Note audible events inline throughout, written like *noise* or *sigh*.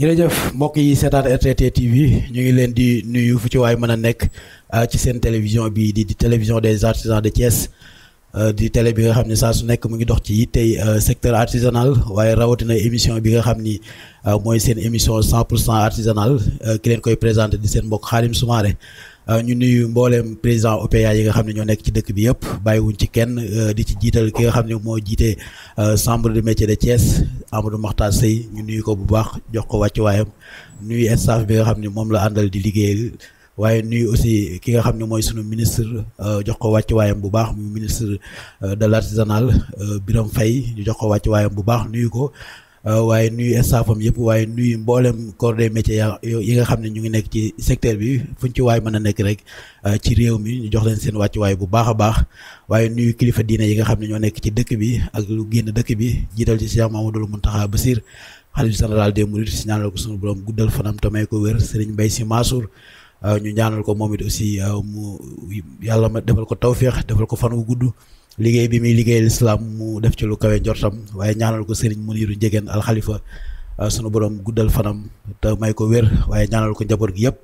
jërëjëf mbokk yi seetaan RTT TV ñu ngi leen di nuyu fu ci waay mën a nekk ah, ci seen télévision bi di télévision des artisans de Thiès ah, di télé bi nga xam ne saa su nekk mu ngi dox ci yittey ah, secteur artisanal waaye rawatina émission bi nga xam ni mooy seen émission 100 pour cent artisanal ki leen koy présenté di seen mbokk Khadim Soumaré Euh, ñu nuyu mboolem président OPA yi nga xam ne ñoo nekk ci dëkk bi yëpp bàyyiwuñ ci kenn euh, di ci jiital ki nga xam ne moo jiite euh, chambre de métier de Thiès Amadou Makhtar Seye ñu nuyu ko bu baax jox ko wàccuwaayam nuyu staff bi nga xam ne moom la àndal di liggéeyal waaye nuyu aussi ki nga xam ne mooy sunu ministre jox ko wàccuwaayam bu baax muy ministre de l'artisanal Birame Faye ñu jox ko wàccuwaayam bu baax nuyu ko. Euh, waaye nuyu staffam yëpp waaye nuyu mboolem corps des métiers yi nga xam ne ñu ngi nekk ci secteur bi fuñ ci waay mën a nekk rek euh, ci réew mi ñu jox leen seen wàccuwaay bu baax a baax waaye nuyu kilifa diine yi nga xam ne ñoo nekk ci dëkk bi ak lu génn dëkk bi jiital ci Cheikh Mamadou Mountakha Bassir xalif général des mourides si ñaanal ko suñu borom guddal fanam tamay ko wér Serigne si Sy Mansour euh, ñu ñaanal ko moom it aussi mu yàlla ma defal ko tawféex defal ko fan gudd liggéey bi muy liggéeyal islam mu def ci lu kawe njortam waaye ñaanal ko Serigne Muniru Njegéen alxalifa ah, sunu borom guddal fanam te may ko wér waaye ñaanal ko njaboot gi yëpp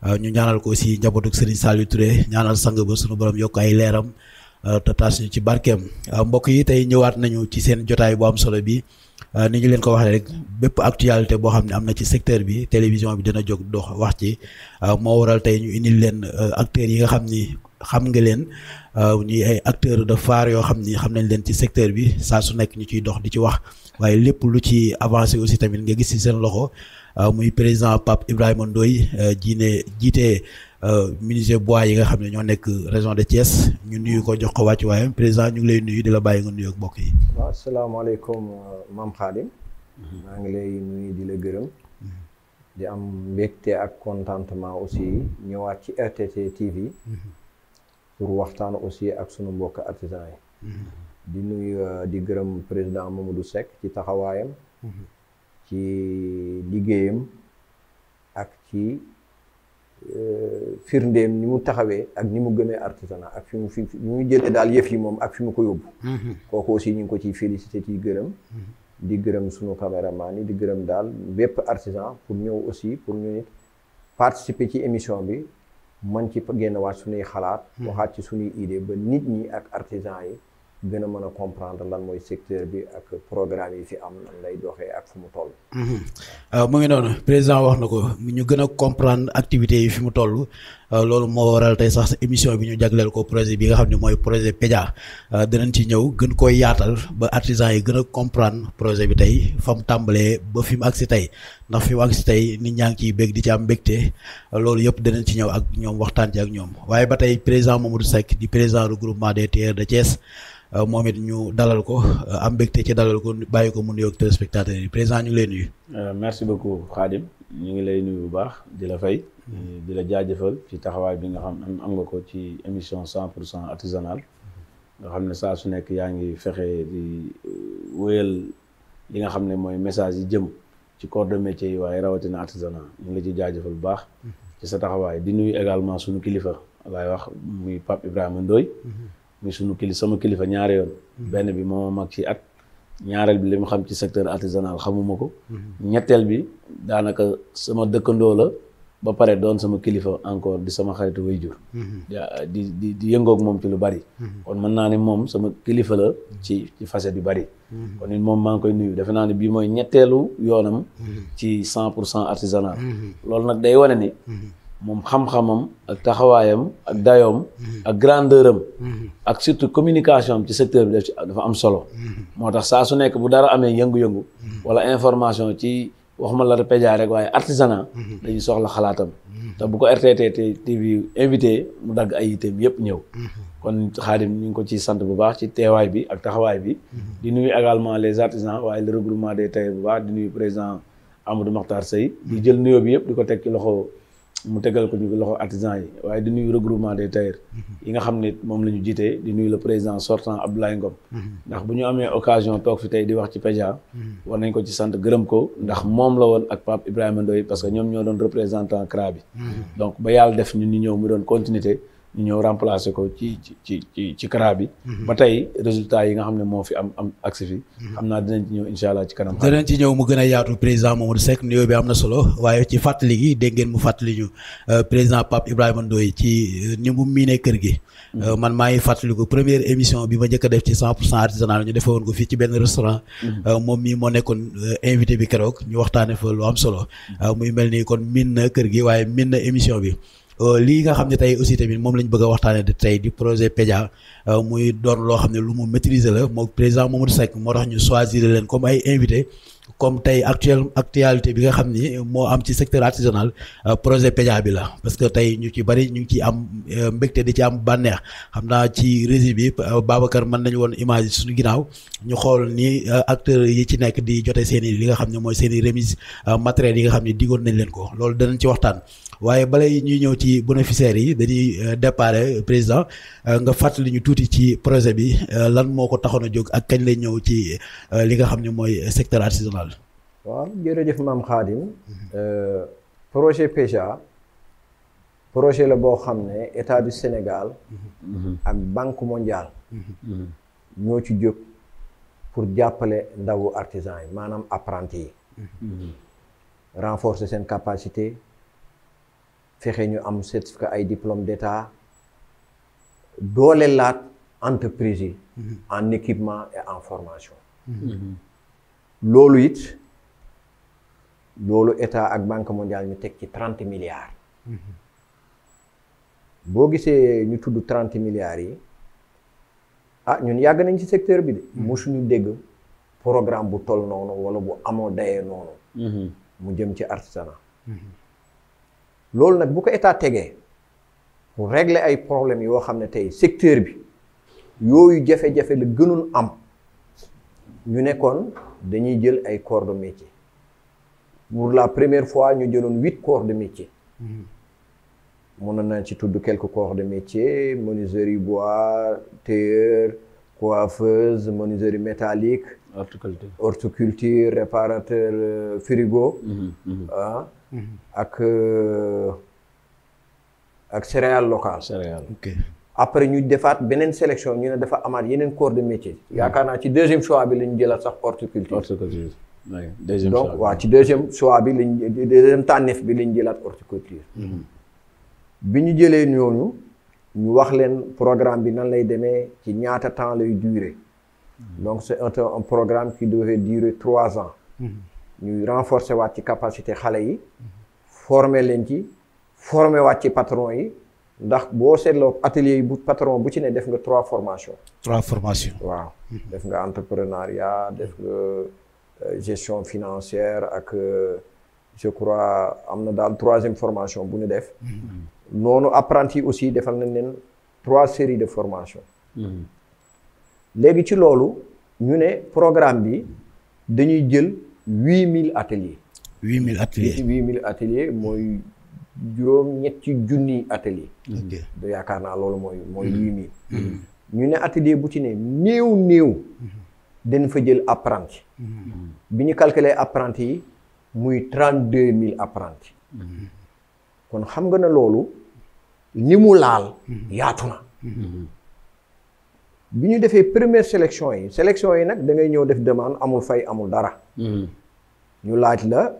ah, ñu ñaanal ko si njabootuk Serigne Saliou Touré ñaanal sang ba sunu borom yokk ay leeram ah, te taas ñu ci barkeem mbokk yi tey ñëwaat nañu ci seen jotaay bu am solo bi ni ñu leen ko waxee rek bépp actualité boo xam ne am na ci secteur bi télévision bi dina jóg dox wax ci moo waral tey ñu indil leen acteurs yi nga xam ni xam nga leen Euh, ñuy ay acteurs de phare yoo xam ni xam nañ leen ci secteur bi saa su nekk ñu ciy dox di ci wax waaye lépp lu ci avancé aussi tamit nga gis ci seen loxo euh, muy président Pape Ibrahima Ndoye euh, jiine jiite menuisier bois yi nga xam ne ñoo nekk région de Thiès ñu nuyu ko jox ko wàcc waayam président ñu ngi lay nuyu di la bàyyi nga nuyu ak mbokk yi. waaw asalaamaaleykum Mame Khadim. maa ngi lay nuyu di la gërëm. di am mbégte ak contentement aussi ñëwaat ci RTT TV. pour waxtaan aussi ak sunu mbokk artisan yi mm-hmm. di nuyu euh, di gërëm président Mamadou Seck ci taxawaayam mm-hmm. ci liggéeyam ak ci euh, firndeem ni mu taxawee ak ni mu gëmee artisanat ak fi mu fi mu jëlee daal yëf yi moom ak fi mu ko yóbbu mm-hmm. kooku aussi ñu ngi ko ciy félicité ci gërëm di gërëm sunu caméraman yi di gërëm daal bépp artisan pour ñëw aussi pour ñu nit participer ci émission bi man ci génn waat suñuy xalaat hmm. waxaat ci suñuy idée ba nit ñi ak artisan yi gën a mën a comprendre lan mooy secteur bi ak programme yi fi am nan lay doxee ak fu mu toll. Mhm. Euh, mu ngi noonu président wax na ko ñu gën a comprendre activité yi fi mu toll euh, loolu moo waral tey sax émission bi ñu jagleel ko projet bi nga xam ne mooy projet PEJA euh, dinañ ci ñëw gën koy yaatal ba artisans yi gën a comprendre projet bi tey fa mu tàmbalee ba fi mu agsi tey ndax fi mu agsi tey nit ñaa ngi ciy bég di ci am mbégte loolu yëpp dinañ ci ñëw ak ñoom waxtaan ci ñoom waaye ba tey président Mamadou Seck di président du des terres de Thiès. Euh, moom it ñu dalal ko euh, am mbégte ci dalal ko bàyyi ko mu nuyoog téléspectateurs yi président ñu ngi lay nuyu. Euh, merci beaucoup Khadim ñu ngi lay nuyu bu baax di la fay. di la jaajëfal ci taxawaay bi nga xam am nga ko ci émission cent pour cent artisanale nga xam ne saa su nekk yaa ngi fexe di wéyal li nga xam ne mooy message yi jëm ci corps de métier yi waaye rawatina artisanat ñu ngi la ci jaajëfal bu baax. Mhm. ci sa taxawaay di nuyu également suñu kilifa laay wax muy Pape Ibrahima ndoy mhm. muy sunu kili sama kilifa ñaari yoon benn bi moo mag ci at ñaareel bi li mu xam ci secteur artisanal xamuma ko ñetteel bi daanaka sama dëkkandoo la ba pare doon sama kilifa encore di sama xaritu waajur mhm. di di di yëngoog moom ci lu bari mhm. kon mën naa ni moom sama kilifa la ci ci facette yu bari mhm. kon it moom maa ngi koy nuyu defe naa ne bii mooy ñetteelu yoonam ci cent pour cent artisanal loolu nag day wane ni moom xam-xamam ak taxawaayam ak dayoom mm-hmm. ak grandeur am mm-hmm. ak surtout communication ci secteur bi def dafa am solo mm-hmm. moo tax saa su nekk bu dara amee yëngu-yëngu wala information ci wax ma la pédia rek waaye artisanat dañuy soxla xalaatam te bu ko RTT TV invité mu dagg ay yiteem yëpp ñëw kon Xaadim ñu ngi ko ciy sant bu baax ci teewaay bi ak taxawaay bi di nuyu également les artisans waaye le regroupement des tailleurs bu baax di nuyu président Amadou Makhtar Seye di jël nuyoo yëpp di ko teg ci loxo mu tegal ko ñu loxo artisan yi waaye di nuyu regroupement des tailleurs mhm. yi nga xam ne moom la ñu jiitee di nuyu le président sortant Abdoulaye Ngom mhm. ndax bu ñu amee occasion toog fi tey di wax ci PEJA mhm. war nañ ko ci sant gërëm ko ndax moom la woon ak Pape Ibrahima Ndoye parce que ñoom ñoo doon représentant CRA bi donc ba yàlla def ñun ñu ñëw mu doon continuité ñu ñëw remplacer ko ci ci ci ci ci CRA bi. Mhm. ba tey résultat yi nga xam ne moo fi am am agsi fi. Mhm. xam naa dinañ ci ñëw incha allah ci kanam. dinañ ci ñëw mu gën a yaatu président Mamadou Seck nuyoo bi am na solo waaye ci fàttali gi dégg ngeen mu fàttali ñu euh, président Pape Ibrahima Ndoye ci euh, ni mu miinee kër gi. Mhm. Euh, man maa ngi fàttaliku première émission bi ma njëkk def ci 100 pour cent ñu defee woon ko fii ci benn restaurant. moom mii moo nekkoon invité bi keroog ñu waxtaane fa lu am solo. muy mel ni kon miin na kër gi waaye miin na émission bi. Euh, lii nga xam ne tey aussi tamit moom lañu bëgg a waxtaanee tey di projet PEJA euh, muy doon loo xam ne lu mu maîtriser la moom président Mamadou Seck moo tax ñu choisir leen comme ay invité comme tey actuel actualité bi nga xam ni moo am ci secteur artisanal euh, projet PEJA bi la parce que tey ñu ci bari ñu ngi ciy am mbégte di ci am bànneex xam naa ci régie bi Babacar man nañu woon image suñu ginnaaw ñu xool ni acteurs yi ci nekk di jote seen li nga xam ne mooy seen i remise matériels yi nga xam ne digoon nañ leen ko loolu danañ ci waxtaan waaye balay ñuy ñëw ci bénéficiaires yi dañuy euh, déparé euh, président euh, nga fàttali ñu tuuti ci projet bi lan moo ko taxoon a jóg ak kañ lay ñëw ci li nga xam ne mooy secteur artisanal. waaw jërëjëf maam Khadim. projet PEJA. projet la boo xam ne état du Sénégal. ak banque mondiale. ñoo ci jóg pour jàppale ndawu artisan yi maanaam apprenti yi. Mhm. seen capacité. fexe ñu am certificat ay diplôme d'état doole laat entreprise yi mhm. en équipement et en formation mhm. Mhm. loolu it loolu état ak banque mondiale ñu teg ci trente milliards boo gisee ñu tudd trente milliards yi ah ñun yàgg nañ ci secteur bi de mosuñu dégg programme bu tol noonu wala bu amoo dayee noonu mu jëm ci artisanat loolu nag bu ko état tegee pour régle ay problèmes yoo xam ne tey secteur bi yooyu jafe-jafe la gënoon am ñu nekkoon dañuy jël ay corps de métier pour la première fois ñu jëloon huit corps de métier. mënoon naa ci tudd quelques corps de métier menuiserie bois tailleur coiffeuse menuiserie métallique. horticulture horticulture réparateur euh, frigo. Mhm, mhm. Ah. Mm-hmm. ak uh, ak céréales locales. céréales ok après ñu defaat beneen sélection ñu ne dafa amaat yeneen corps de métier. Mm-hmm. yaakaar naa ci deuxième choix bi lañu ñu jëlaat sax horticulture. horticulture deuxième donc waaw ci deuxième choix bi lañ deuxième tànneef bi lañ jëlaat horticulture. Mm-hmm. bi ñu jëlee ñooñu ñu wax leen programme bi nan lay demee ci ñaata temps lay durer. donc c'est un programme qui devait durer trois ans. ñuy renforcer waat ci capacité xale yi former leen ci former waat ci patron yi ndax boo seetloo atelier yi bu patron bu ci ne def nga trois formation trois formation waaw mm-hmm. def nga entrepreneuriat def nga euh, gestion financière ak euh, je crois am na daal troisième formation bu ñu def. Mm-hmm. noonu apprenti aussi defal nañ leen trois séries de formation. Mm-hmm. léegi ci loolu ñu ne programme bi dañuy jël. huit mille ateliers. huit mille ateliers huit mille ateliers mooy juróom ñetti junniy atelier da yaakaar naa loolu mooy mooy mm-hmm. huit mille mm-hmm. ñu ne atelier bu ci ne néew néew mm-hmm. dañ fa jël apprenti bi ñu calculer apprenti yi muy trente deux mille apprenti kon xam nga ne loolu ni mu laal yaatu na bi ñu defee première sélection yi sélection yi nag da ngay ñëw def demande amul fay amul dara ñu laaj la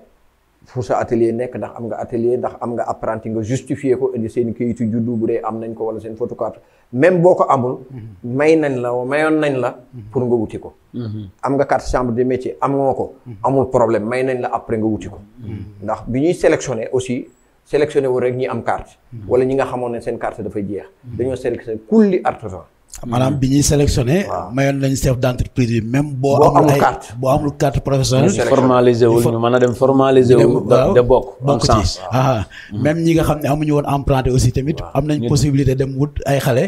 fu sa atelier nekk ndax am nga atelier ndax am nga apprenti nga justifier ko indi seen kayitu juddu bu dee am nañ ko wala seen photocarte même boo ko amul. Mhm. may nañ la mayoon nañ la. Mhm. pour nga wuti ko. Mhm. am nga carte chambre de métier am nga ko. amul problème may nañ la après nga wuti ko. ndax bi ñuy sélectionné aussi sélectionné wu rek ñi am carte. wala ñi nga xamoon ne seen carte dafay jeex. dañoo sélectionné kulli artisan. maanaam bi ñuy sélectionné. mayoon nañ chef d' entreprise bi même. boo amul carte boo amul carte professionnelle. ñu formalisé wul ñu mën a dem formalisé wul. de bokk bokk ci ah, ah. Mm. même ñi nga xam ne amuñu woon emprunté aussi tamit. am nañ possibilité dem wut ay xale.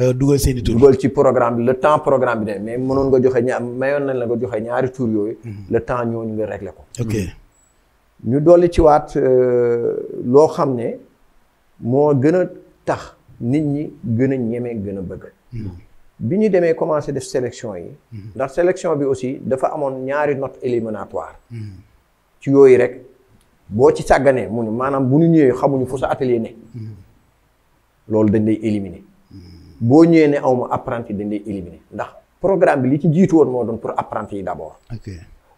Euh, dugal seen i tur. dugal ci programme bi le temps programme de mais mënoon nga joxe ñaar mayoon nañ la joxe ñaari tur yooyu. Mm-hmm. le temps ñooñu nga réglé ko. ok mm-hmm. ñu dolli ci waat euh, loo xam ne moo gën a tax nit ñi gën a ñeme gën a bëgg. bi ñu demee commencé def sélection yi. Mhm. ndax sélection bi aussi dafa amoon ñaari note éliminatoire. Mhm. ci yooyu rek boo ci sàgganee mu ne maanaam bu ñu ñëwee xamuñu foo sa atelier ne. Mhm. loolu dañ lay éliminer. boo ñëwee ne awma apprenti dañ lay éliminer ndax programme bi li ci jiitu woon moo doon pour apprenti yi d'abord.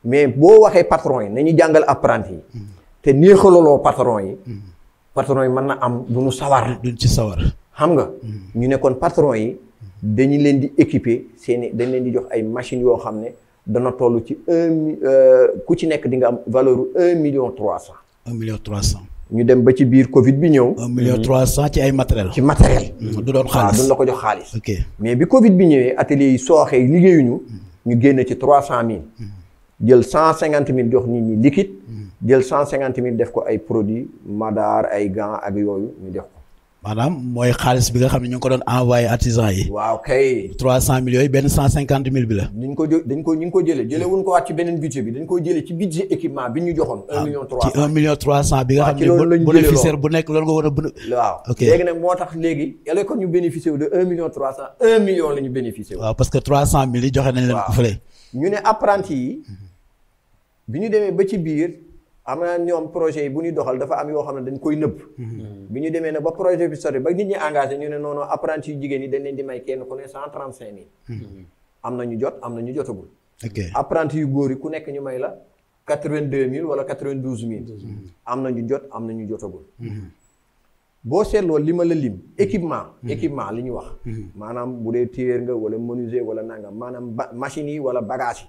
mais boo waxee patron yi nañu jàngal apprenti yi. te néexalaloo patron yi. patron yi mën na am du ñu sawar. duñ ci sawar. xam nga. ñu ne yi. dañu leen di équiper seeni dañ leen di jox ay machines yoo xam ne dana toll ci un euh, ku ci nekk di nga am valeur un million trois cent. un million trois cent. ñu dem ba ci biir Covid bi ñëw. un million cent ci ay matériel ci matériel. Mm, du doon xaalis du la ko jox xaalis. ok mais bi Covid bi ñëwee ateliers yi sooxee liggéeyuñu. ñu génn ci trois cent mille. Mm. jël cent cinquante mille jox nit ñi liquide. Mm. jël cent cinquante mille def ko ay produits madaar ay gants ak yooyu ñu def maanaam mooy xaalis bi nga xam ne ñu ngi ko doon envoyé artisan yi. waaw kay. 300 millions yi benn 150 mille bi la. dañ ko jë dañ ko ñu ngi ko jëlee ko waat ci beneen budget bi dañ ko jëlee ci budget équipement bi ñu joxoon. 1 ah, million 300 ci 1 million 300 bu nekk loolu nga war a. waaw ok léegi nag moo tax léegi. yàlla kon ñu bénéficié wu de 1 million 300 waaw parce que 300 mille yi joxe nañ leen. waaw bi ñu demee ba ci biir. am na ñoom projet bu ñuy doxal dafa am yoo xam ne dañ koy nëbb hmm. bi ñu demee ne ba projet bi sori ba nit ñi engagé ñu ne noonu apprenti yu jigéen yi dañ leen di may kenn ku ne cent hmm. am na jot am na ñu jotagul apprenti yu góor yi ku nekk ñu may la quatre vingt mille wala quatre vingt douze hmm. am na ñu jot am na ñu jotagul boo seetloo li ma la lim équipement équipement li ñu wax maanaam bu dee tiréer nga wala menuisier wala nangam maanaam machines yi wala bagages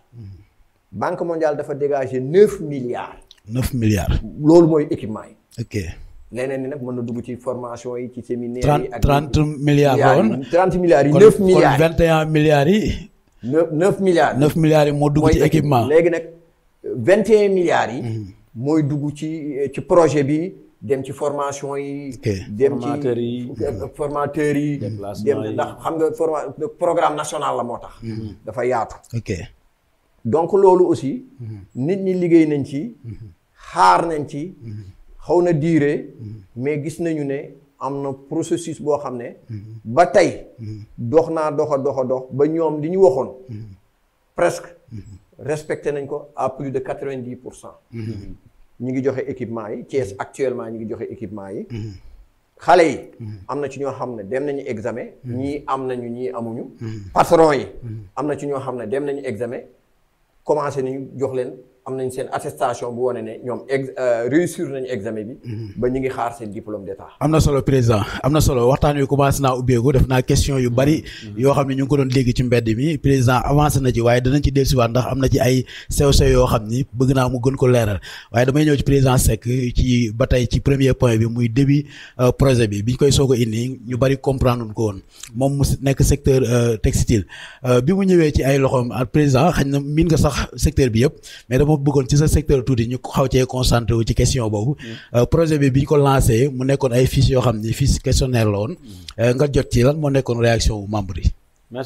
banque mondiale dafa dégager neuf milliards neuf milliards. loolu mooy équipement yi. ok leneen ni nag mën na dugg ci formation yi ci séminaire yi. ak trente milliards la woon yi neuf milliards kon kon vingt yi. neuf milliards. neuf milliards yi moo dugg ci léegi nag vingt et un yi. Mhm. mooy dugg ci ci projet bi. dem ci formation yi. dem ci formateur yi. dem ndax xam nga forma programme national la moo tax. Mhm. dafa yaatu. ok donc loolu aussi. Mhm. nit ñi liggéey nañ ci. xaar nañ ci mhm. xaw na diire mhm. mais gis nañu ne am na processus boo xam ne mhm. ba tey dox naa doxa doxa dox ba ñoom li ñu waxoon presque respecté nañ ko à plus de quatre-vingt-dix pour cent ñu ngi joxe équipement yi Thiès actuellement ñu ngi joxe équipement yi xale yi am na ci ñoo xam ne dem nañu examen ñii am nañu ñii amuñu patron yi am na ci ñoo xam ne dem nañu examen commencé nañu jox leen am nañ seen attestation euh, mhm. ngi xaar seen diplôme am na solo président am na solo waxtaan wi commencé naa ubbeeku def naa question yu bari. Mhm. yoo xam ne ñu ngi ko doon dégg ci mbedd mi président avancé na ci waaye danañ ci dellusiwaat ndax am na ci ay sew sew yoo xam ni bëgg naa mu gën ko leeral waaye damay ñëw ci président Seck ci ba tey ci premier point bi muy début euh, projet bi bi biñ koy soog a indi ñu bari comprendre ko woon moom mu nekk secteur euh, textile bi mu ñëwee ci ay loxoom ah, président xañ na miin nga sax secteur bëggoon ci sa secteur tuuti ñu xaw cee concentré wu ci question boobu. Mm. Euh, projet bi bi ñu ko lancé mu nekkoon ay fiches yoo xam ni fiche questionnaire la woon. Mm. Euh, nga jot ci lan moo nekkoon réaction wu membre yi. Mm.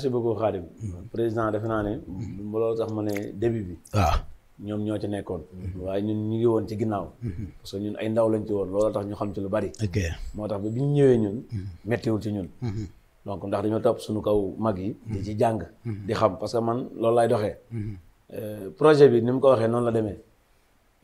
tax ma ne début bi. waaw ah. ñoom ñoo ci nekkoon. Mm-hmm. waaye ñun ñu ngi woon ci ginnaaw. Mm-hmm. parce que ñun ay ndaw lañ ci woon loolu tax ñu xam ci lu bari. ok moo tax bi ñu ñëwee ñun. méttiwul mm-hmm. ci ñun. donc ndax dañoo topp suñu kaw mag yi. di ci jàng. di xam parce que man loolu Euh, projet bi ni mu ko waxee noonu la demee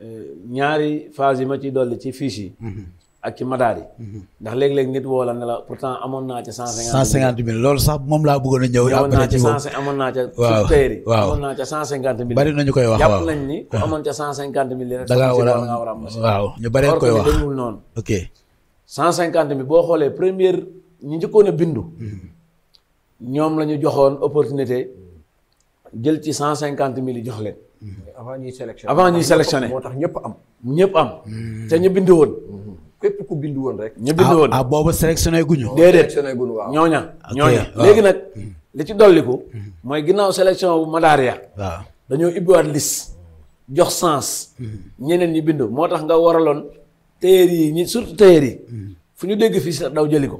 euh, ñaari fase yi ma ciy dolli ci fiche yi. Mhm. ak ci madaar yi. Mhm. ndax léeg-léeg nit woo la ne la pourtant amoon naa ci cent cinquante. cent cinquante mille loolu sax moom laa bëggoon a ñëw. après ci moom amoon naa ca amoon naa ca. waaw waaw amoon naa ca cent koy wax waaw jàpp nañ ni ku amoon ca cent cinquante mille rek. da ngaa war a war a am ñu bari nañu koy wax demul noonu. ok cent cinquante mille boo xoolee première ñu njëkkoon a bindu. Mhm. ñoom la ñu joxoon opportunité. jël ci cent cinquante mille jox leen. avant ñuy sélectionné avant ñuy sélectionné moo tax ñëpp am. ñëpp am. Hmm. te ñu bind woon. képp ku bindu woon rek. ñu bind ah, woon ah boobu sélectionné guñu. déedéet sélectionné guñu waaw ñooña. ñooña léegi nag. Hmm. li ci dolliku. Hmm. mooy ginnaaw sélection bu Madaria. waaw dañoo ibbiwaat liste. jox sens. ñeneen ñi bind moo tax nga waraloon. téyeer yi ñi surtout téyeer yi. fu ñu dégg fii sax daw jëli ko.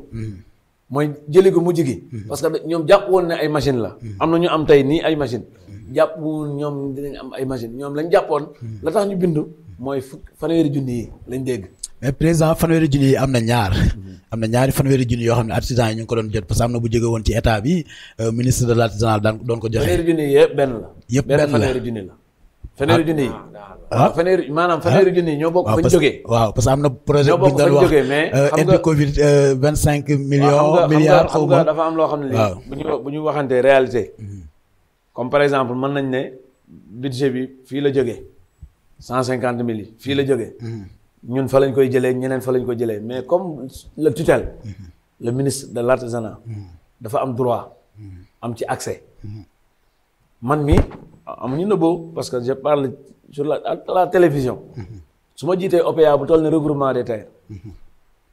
mooy jëli ko mujj gi. Mhm. parce que ñoom jàpp woon ne ay machine la. Mhm. am na ñu am tey nii ay machine mhm. jàpp woon ñoom dinañ am ay machine ñoom lañ jàppoon. la tax ñu bindu mooy fanweeri junni yi lañ dégg. mais président fanweeri junni yi am na ñaar am na ñaari fanweeri junni yoo xam ne artisans yi ñu ngi ko doon jot parce que am na bu jóge woon ci état bi euh, ministre de l'artisanat daan doon ko joxe. fanweeri junni yëpp benn la. yëpp benn la. fanweeri ah. junni yi ah, ah fanweeri maanaam ah. fanweeri junni yi ñoo bokk fa ñu jógee waaw parce que am na projet bi ñu doon wax euh, indi covid euh, vingt cinq millions xaw ma dafa am loo xam ne li bu ñu bu ñu waxantee réalité mm-hmm. comme par exemple man nañ ne budget bi fii la jóge cent cinquante mille yi fii la jóge mm-hmm. ñun fa lañ koy jëlee ñeneen fa lañ koy jëlee mais comme la tutelle mm-hmm. le ministre de l'artisanat dafa am droit am ci accès man mii amuñu nëbboo parce que je parle sur la la télévision. su ma jiitee OPA bu toll ni regroupement des tailleurs.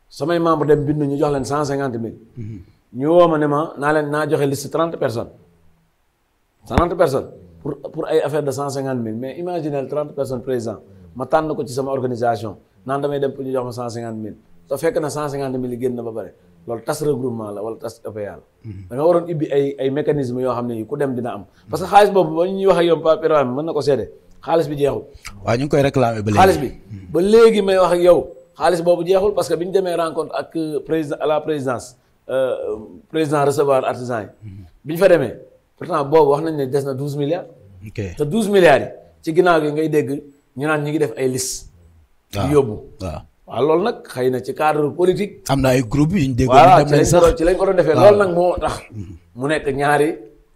samay membre dem bindu ñu jox leen cent cinquante mille. ñu woo ma ne ma naa leen naa joxe liste trente personnes. trente personnes pour pour ay affaire de cent cinquante mille mais imaginez trente personnes président ma tànn ko ci sama organisation naan damay dem pour ñu jox ma cent cinquante mil te fekk na cent cinquante mille yi génn na ba pare loolu tas regroupement la wala tas EPA la da waroon ibbi ay ay mécanisme yoo xam ne ku dem dina am parce que xaalis boobu ba ñuy wax ak yow Pape Ibrahima mën na ko seede xaalis bi jeexul waaw ñu ngi koy réclamer ba léegi xaalis may wax ak yow xaalis boobu jeexul parce que bi ñu demee rencontre ak euh, président à la présidence euh, président recevoir artisan yi bi ñu fa demee pourtant boobu wax nañ ne des na douze milliards te douze milliards yi ci ginnaaw gi ngay dégg ñu naan ñu ngi def ay liste yóbbu waaw waaw loolu nag xëy na ci cadre politique. am na ay groupe yu ñu déggoo. dem nañ sax ci lañ ko doon defee loolu nag moo tax. Mhm. mu nekk ñaari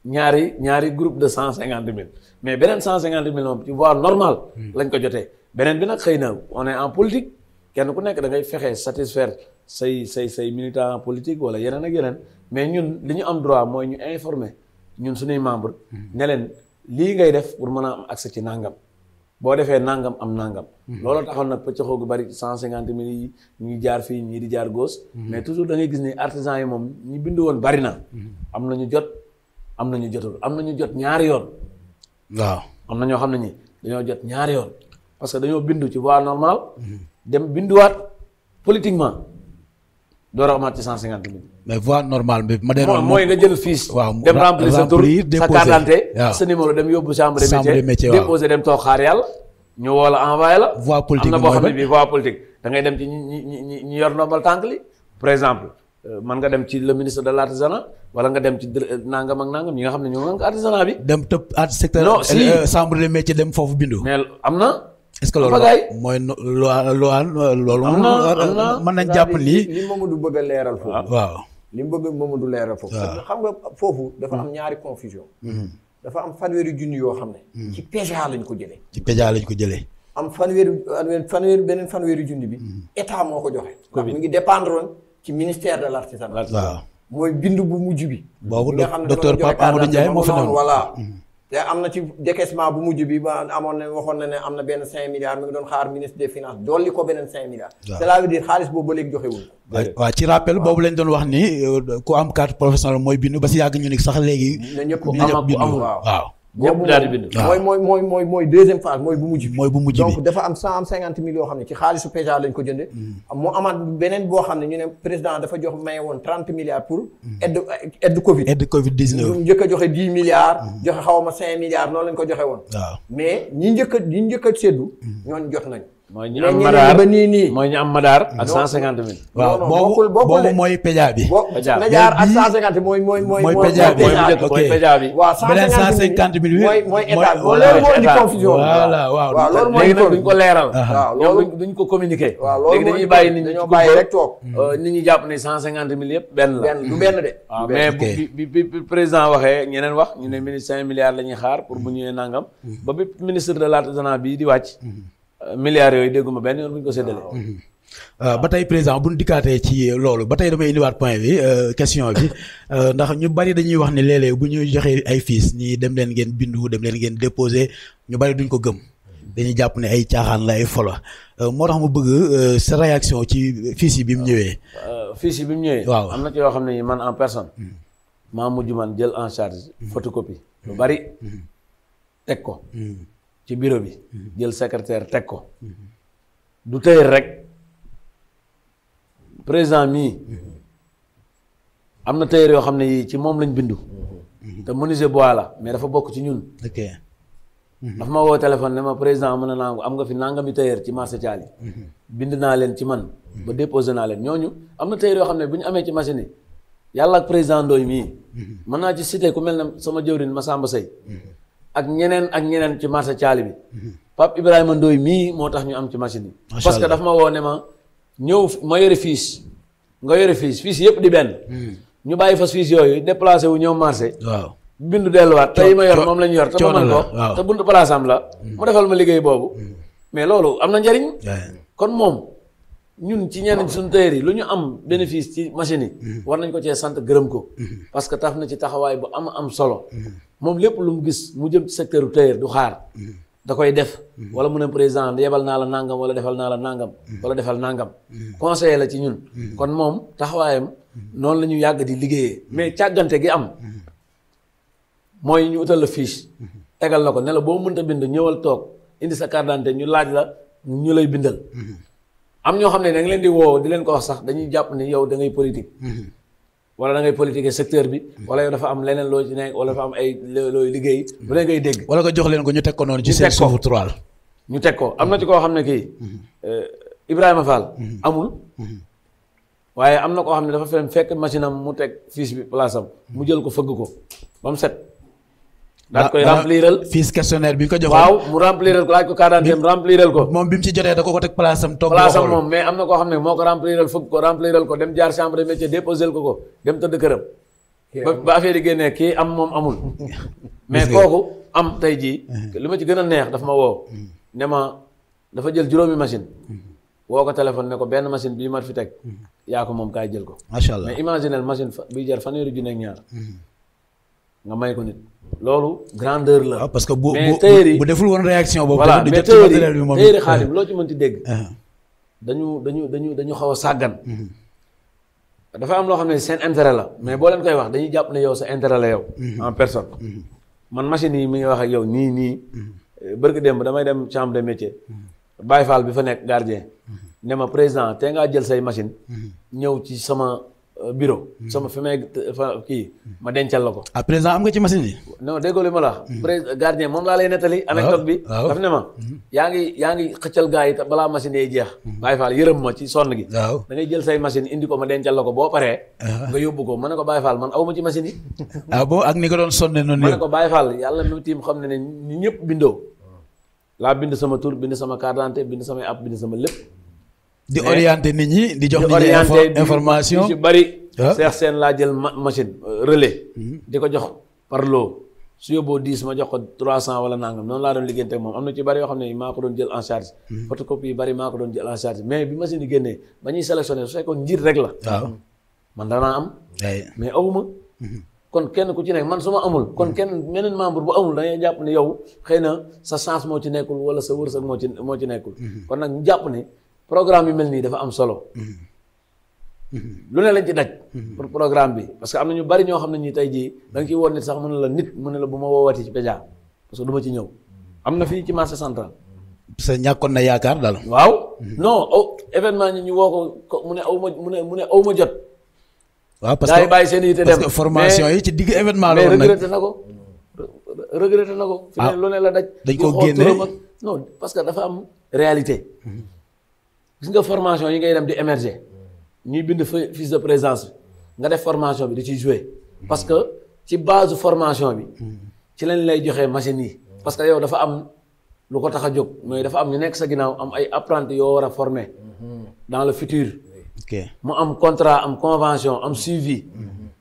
ñaari ñaari groupe de cent cinquante mille mais beneen cent cinquante mille moom ci voie normale. Mhm. lañ ko jotee beneen bi nag xëy na on en politique kenn ku nekk da ngay fexe satisfaire say say say militant politique wala yeneen ak yeneen mais ñun li ñu am droit mooy ñu informer ñun suñuy membre mhm. ne lii ngay def pour mën a am accès ci nàngam boo defee nangam am nangam. Mhm. looloo taxoon nag pëccëxoo gu bari cent cinquante mille yi ñuy jaar fii ñii di jaar gauche. Mhm. mais toujours da ngay gis ni artisan yi moom ñu bind woon bari na. Mhm. am na ñu jot am na ñu jotul am na ñu jot ñaari yoon. waaw am na ñoo xam na ñi dañoo jot ñaari yoon parce que dañoo bindu ci voie normale. dem binduwaat politiquement. doo amaat ci cent cinquante mille. mais voie normale bi ma. delloo mooy nga jël fiche. waaw dem remplir sa tur sa carte d'identité sa numéro dem yóbbu chambre de métier déposé dem la envoyé la. voie politique am na boo dem ci ñi ñi ñi yor ndombal tànk li exemple euh, man nga dem ci le ministre de l' artisanat wala nga dem ci euh, nangam ak nangam ñi nga xam ne ñoo nga artisanat bi. dem tëb art secteur. non si euh, chambre de métier dem foofu bindu. mais am na. est-ce que loolu mooy lo loolu. mën nañ jàpp ni li du bëgg a leeral foofu. waaw li mu bëgg du leeral foofu. xam nga foofu dafa am hmm. ñaari confusion. Hmm. dafa am fanweeri junni yoo xam ne. Hmm. ci lañ ko jëlee. ci PGA lañ ko jëlee. am fanweeri fanweeri beneen fanweeri junni bi. état moo ko joxe. ndax ngi dépendre ci ministère de l'artisanat. waaw mooy bind bu mujj bi. boobu docteur Pape Amadou Ndiaye moo fi noonu voilà. te am na ci décaissement bu mujj bi ba amoon na waxoon na ne am na benn cinq milliards mi ngi doon xaar ministre des finances dolli ko beneen cinq milliards cela veut dire xaalis boobu ba léegi joxewul waaw ci rappel boobu lañ doon wax ni euh, ku am carte professionnelle mooy bindu ba si yàgg ñu ni sax léegi ñëpp bindu waaw ñëpp daal di bind mooy mooy mooy mooy mooy deuxième phase mooy bu mujj bi mooy bu mujj bi donc dafa am cent am cinquante mille xam ne ci xaalisu PEJA lañ ko jënde mm. mu amaat beneen boo xam ne ñu ne président dafa jox maye woon trente milliards pour mm. aide aide Covid aide Covid 19 njëkk joxe dix milliards mm. joxe xaw ma cinq milliards noonu lañ ko joxe woon waaw mais ñi njëkk a ñi njëkk a séddu ñooñ jot nañ mooy ñu am madaar ba nii mooy ñu am madaar ak cent cinquante mille waaw bokkul bokkul boobu mooy pédia bi madaar ak cent cinquante mooy mooy mooy mooy pédia bi mooy pédia bi waaw beneen cent cinquante bi moo indi confusion voilà waaw loolu ko leeral waaw loolu ko communiquer léegi dañuy bàyyi nit ñi dañoo bàyyi rek toog euh, nit ñi jàpp ne cent cinquante mille yëpp benn la du benn de waaw ah, mais bi bi président waxee ñeneen wax ñu ne ministre cinq milliards la ñuy xaar pour bu ñëwee nangam hmm. ba bi ministre de l'artisanat bii di wàcc hmm. milliards yooyu dégguma benn yoon bu ñu ko séddalee. Euh, ba tey président bu ñu dikkaatee ci loolu ba tey damay indiwaat point bi euh, question bi *laughs* euh, ndax ñu bari dañuy wax ni léeg bu ñuy joxee ay fiches ñii dem leen ngeen bindu dem leen ngeen déposé ñu bari duñ ko gëm. dañuy jàpp ne ay caaxaan la ay fola moo tax mu bëgg sa réaction ci fiches yi bi mu ñëwee. fiches yi bi mu ñëwee. waaw am na ci yoo xam ne man en personne. maa mujj man jël en charge. Hmm. photocopie lu bari. Hmm. teg ko. Hmm. ci bureau bi. jël secrétaire teg ko. du tey rek président mii am na tailleur yoo xam ne yii ci moom lañ bindu. te menuisier bois la mais dafa bokk ci ñun. ok dafa ma woo téléphone ne ma président mën na nangu am nga fi nangami tailleur ci marché Thialy. bind naa leen ci man. ba déposé naa leen ñooñu am na tailleur yoo xam ne bu ñu amee ci machine yi yàlla ak président Ndoye mii. mën naa ci cité ku mel na sama ma sàmba Seye. ak ñeneen ak ñeneen ci marché caali bi Pape Ibrahima Ndoye mii moo tax ñu am ci machine yi parce que dafa ma woone ma ñëw ma yore fiis nga yore fiis fiis yëpp di benn hmm. ñu bàyyi fas fiis yooyu déplacé wu ñëw marché waaw bindu delluwaat tey ma yor moom la ñu yor te ma man ko te buntu place am la hmm. mu defal ma liggéey boobu hmm. mais loolu am na njariñ kon moom ñun ci ñenn suñu tailleur yi lu ñu am bénéfice ci machine yi. Mhm. war nañ ko cee sant gërëm ko. Mhm. parce que tax na ci taxawaay bu am am solo. Mhm. moom lépp lu mu gis mu jëm ci secteur bu du xaar. da koy def wala mu ne présent yebal naa la nangam wala defal naa la nangam wala defal nangam conseiller la ci ñun kon moom taxawaayam noonu la ñu yàgg di liggéeyee mais càggante gi am mooy ñu utal la fiche tegal la ko ne la boo mënta bind ñëwal toog indi sa carte ñu laaj la ñu lay bindal am ñoo xam ne da leen di woo di leen ko wax sax dañuy jàpp ne yow da ngay politique. Mm-hmm. wala da ngay politique secteur bi. Mm-hmm. wala yow dafa am leneen loolu ci nekk wala dafa am ay looy liggéey. Mm-hmm. bu leen ngay dégg. wala ko jox leen ko ñu teg ko noonu. ci seen suufu trois ñu teg ko am na ci koo xam ne kii. Euh, Ibrahima Fall. amul. waaye am na koo xam ne dafa fekk machine am mu teg fiche bi place am mu jël ko fëgg ko ba set. daal koy ah, rempliral fiis questionnaire bi ñu ko joxoon waaw mu rempliral ko laaj ko carte d'identité rempliral ko moom bi mu ci jotee da ko ko teg place am toog place am moom mais am na koo xam ne moo ko rempliral fukk ko rempliral ko dem jaar chambre de métier déposé ko ko dem tëdd këram ba affaire yi génnee kii am moom amul *laughs* mais kooku am tey jii uh-huh. li ma ci gën a neex dafa ma woo uh-huh. ne ma dafa jël juróomi machine uh-huh. woo ko téléphone ne ko benn machine bii ma fi teg yaa moom kaay jël ko macha allah mais machine bi jar fanweeri junni ak nga may ko nit loolu grandeur la. Ah, parce que bu bu bu deful woon réaction boobu. voilà mais théorie théorie xaadim loo ci mënti dégg. Ah. dañu dañu dañu dañu xaw a sàggan. Mm-hmm. dafa am loo xam ne seen intérêt la mais boo leen koy wax dañuy jàpp ne yow sa intérêt la yow. Mm-hmm. en personne. Mm-hmm. man machine yi mi ngi wax ak yow nii nii. Eh, bërki démb damay dem chambre de métier. Baye Fall bi fa nekk gardien. ne ma président te ngaa jël say machine ñëw ci sama bureau. Hmm. ma fi may fa kii ma dencal la ko. ah président am nga ci machine yi. non déggoo ma la. Hmm. président gardien moom laa lay nettali. anecdote bi daf ne ma. Hmm. yaa ngi yaa ngi xëccal gars yi balaa machine yi jeex. Baye Fall yërëm ma ci sonn gi. waaw jël say machine indi ko ma dencal la ko boo paree. Ah. nga yóbbu ko ma ne ko Baye Fall man aw ma ci machine yi. *laughs* ah bon ak ni nga doon sonne noonu. ma ne ko Baye Fall yàlla mi tiim xam ne ne ñëpp bindoo. Ah. laa bind sama tur bind sama carte d'identité bind samay app bind sama lépp. di orienter nit ñi di jox nit ñi information ci bari seex ah. seen laa jël machine euh, relais mhm. di ko jox par loo su yóbboo dix ma jox ko trois cent wala nangam noonu laa doon liggéeyante moom am na ci bari yoo xam ne maa ko doon jël en charge mhm. photocopie yi bari maa ko doon jël en charge mais bi machine yi génnee ba ñuy sélectionné su fekkoon njiit rek la man danaa am mais awuma mhm. kon kenn ku ci nekk man su ma amul kon kenn meneen membre bu amul dangay jàpp ni yow xëy na sa chance moo ci nekkul wala sa wërsëg moo ci moo ci nekkul kon nag ñu jàpp programme bi mel nii dafa am solo. Mm-hmm. lu ne lañ ci daj. Mm-hmm. pour programme bi parce que am na ñu bari ñoo xam ne ñi tey jii da nga ciy woon nit sax mu ne la nit mu ne la bu ma woowaatee ci Pédia parce que du ci ñëw am na fii ci marché central. que ñàkkoon na yaakaar daal. waaw mm-hmm. non aw événement ñi ñu woo ko mu ne aw ma mu ne mu ne aw ma jot. waaw parce que bàyyi seen yitte dem parce que formation yi ci digg événement la woon nag regretté ko regretté na ko. fi ne ah. lu ne la daj. dañ ko génne non parce que dafa am réalité. gis nga formation yi ngay dem di émerger ñuy bind fiche de présence bi nga def formation bi di ci jouer parce que ci base formation bi ci lañ lay joxee machine yi parce que yow dafa am lu ko tax a jóg mooy dafa am ñu nekk sa ginnaaw am ay apprentis yoo war a former dans le futur mu am contrat am convention am suivi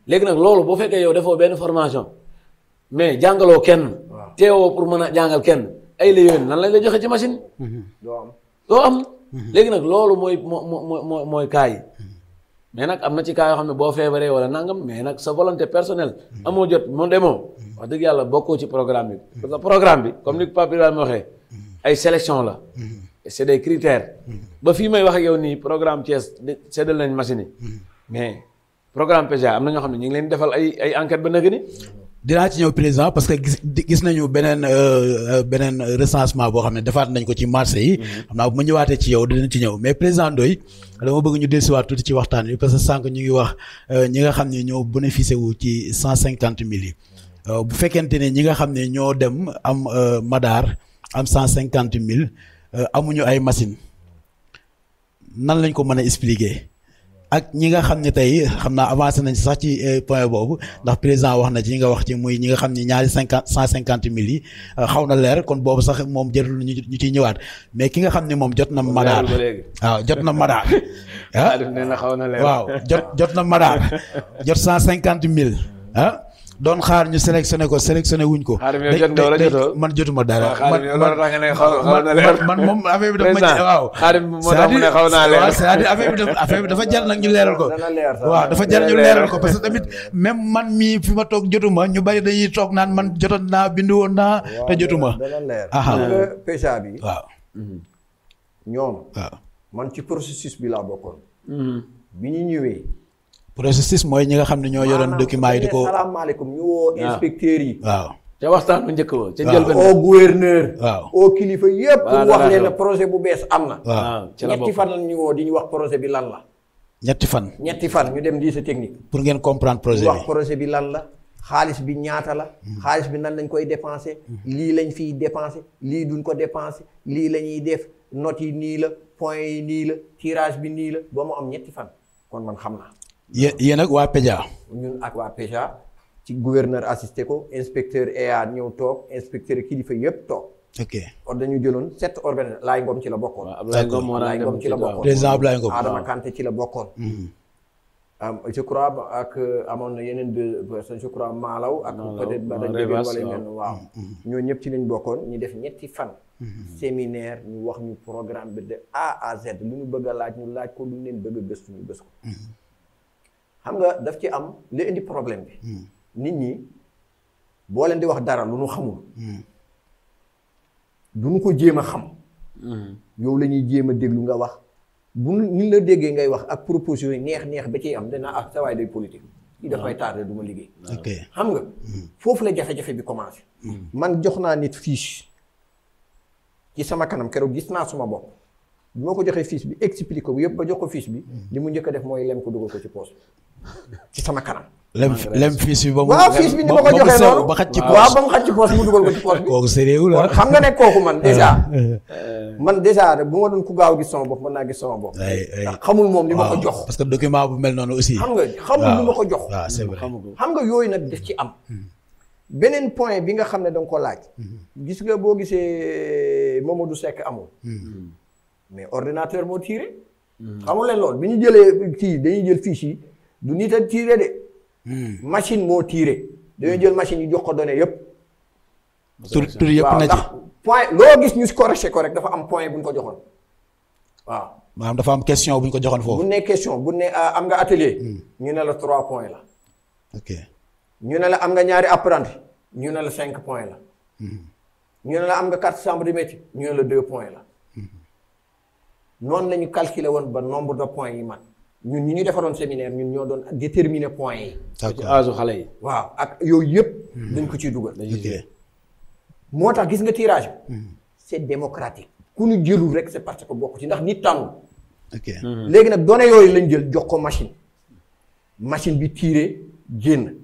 léegi nag loolu boo fekkee yow defoo benn formation mais jàngaloo kenn teewoo pour mën a jàngal kenn ay la yooyu nan lañ lay joxe ci machine Mm-hmm. léegi nag loolu mooy moo moo moo mooy cas yi mm-hmm. mais nag am na ci cas yoo xam ne boo feebaree wala nangam mais nag sa volonté personnelle mm-hmm. amoo jot moo demoo wax dëgg yàlla bokkoo ci programme bi parce que programme bi comme ni Pape Ibrahima waxee ay sélection la c'est des critères ba fii may wax yow nii programme Thiès séddal nañ machine yi mais programme PGA am na ñoo xam ne ñu ngi leen defal ay ay enquête ba nag ni dinaa ci ñëw président parce que gis gis nañu beneen euh, euh, beneen recensement boo xam ne defaat nañ ko ci marché yi. Mhm. xam naa bu ma ñëwaatee ci yow dinañ ci ñëw mais président Ndoye dama bëgg ñu dellusiwaat tuuti ci waxtaan wi parce que sànq ñu ngi wax euh, ñi nga xam ne ñoo bénéficié wu ci cent cinquante mille yi bu fekkente ne ñi nga xam ne ñoo dem am Madaar am cent cinquante mille amuñu ay machine nan lañ ko mën a expliquer. ak ñi nga xam ne tey xam naa avancé nañ sax ci euh, point boobu ndax président wax na ci ñi nga wax ci muy ñi nga xam ne ñaari cinquante cent cinquante mille yi euh, xaw na leer kon boobu sax moom jërul ñu ñu ciy ñëwaat mais ki nga xam ne moom jot na madaar waaw jot na madaar ah *laughs* xaw na leer waaw jot jot na madaar *laughs* jot cent cinquante mille ah doon xaar ñu sélectionné ko sélectionné wuñ ko. man jotuma dara. man moom affaire bi waaw. c'est-à-dire affaire bi affaire bi dafa jar nag ñu leeral ko. waaw dafa jar ñu leeral ko parce que tamit même man mii fi ma toog jotuma ñu bari dañuy toog naan man jotoon naa bindu woon naa te jotuma. aha PCA bi. waaw. Mhm. ñoom. waaw man ci processus bi laa bokkoon. Mhm. bi ñu ñëwee. processus mooy ñi nga xam ne ñoo yoroon document yi di ko. salaamaaleykum ñu woo inspecteurs yi. waaw ca waxtaan bu njëkk ba. ca njëlbeen au gouverneur. kilifa yëpp. pour projet bu bees am na. ci la bokk ñetti fan la ñu woo di ñu wax projet bi lan la. ñetti fan. ñetti fan ñu dem lycée technique. pour ngeen comprendre projet projet bi lan la. xaalis bi ñaata la. Hmm. xaalis bi nan lañ koy dépensé. Hmm. lii lañ fiy dépensé lii duñ ko dépensé lii la ñuy def notes yi nii la points yi nii la tirage bi nii la ba mu am ñetti fan kon man xam naa. yéen yéen ak waa PEJA. ñun ak waa PEJA ci gouverneur assisté ko inspecteur EA ñëw toog inspecteur kilifa yëpp toog. ok kon dañu jëloon sept organes Laay Ngom ci la bokkoon. waaw Ablaye Ngom Laay Ngom ci la bokkoon président Ablaye Ngom Adama ci la bokkoon. Mm-hmm. je crois ak amoon na yeneen deux personnes je crois Malaw ak peut waaw mm-hmm. ñoo ñëpp ci lañ bokkoon ñu def ñetti fan mm-hmm. séminaire ñu wax ñu programme bi de A à Z lu ñu bëgg laaj ñu laaj ko lu ñu leen bëgg a gëstu ñu ko xam nga daf ci am li indi problème bi. Hmm. nit ñi boo leen di wax dara lu nu xamul. Hmm. du nu ko jéem a xam. Hmm. yow la ñuy jéem a déglu nga wax bu ñu la déggee ngay wax ak proposition yi neex neex ba ciy am dana ah sa waay politique. kii dafay ah. tardé du ma liggéey. Ah. xam nga. foofu la jafe-jafe bi commencé. man jox naa nit fiche. ci sama kanam keroog gis naa suma bopp. bi ma ko joxee fiche bi expliqué ko yëpp ba jox ko fiche bi. li mu njëkk def mooy lem ko dugal ko ci poche *laughs* ci sama kanam. lem lem fiis bi ba mu. ci poos waaw ba mu xaj ci poos mu dugal ko ci xam nga ne kooku man ah. *laughs* man dèjà bu ma doon ku gaaw gis sama naa gis sama bopp. ndax xamul moom parce que document bu mel noonu aussi. xam nga xamul li ko jox. waaw c'est xam nga yooyu nag def ci am. Hmm. beneen point bi nga xam ne danga ko laaj. Hmm. gis nga boo gisee moo Mamadou Seck amul. Hmm. mais ordinateur moo tiire. xamul leen loolu bi ñu jëlee kii dañuy jël fiche yi. du nit a tiire de. Hmm. machine moo tiire. dañoo jël machine yi jox ko données yëpp. tur tur yëpp na ci point loo gis ñu corrigé ko rek dafa am point bu ñu ko joxoon waaw. maanaam dafa am question bu ñu ko joxoon foofu. bu question bu ne ah, am nga atelier. Hmm. ñu ne la trois points la. ñu ne la am nga ñaari apprenti ñu ne la cinq point la. Hmm. ñu ne la am nga quatre chambres de métier ñu ne la deux points la. noonu la ñu calculer woon ba nombre de points yi man ñun ñu ñu defaroon séminaire ñun ñoo doon déterminer point yi. d'accord xale waaw ak yooyu yëpp. dañ ko ciy dugal. moo tax gis nga tirage bi. Hmm. c'est démocratique. ku ñu jëlul rek c'est parce que bokk ci ndax nit tànn. Hmm. léegi nag données yooyu lañ jël jox ko machine. machine bi tiré génn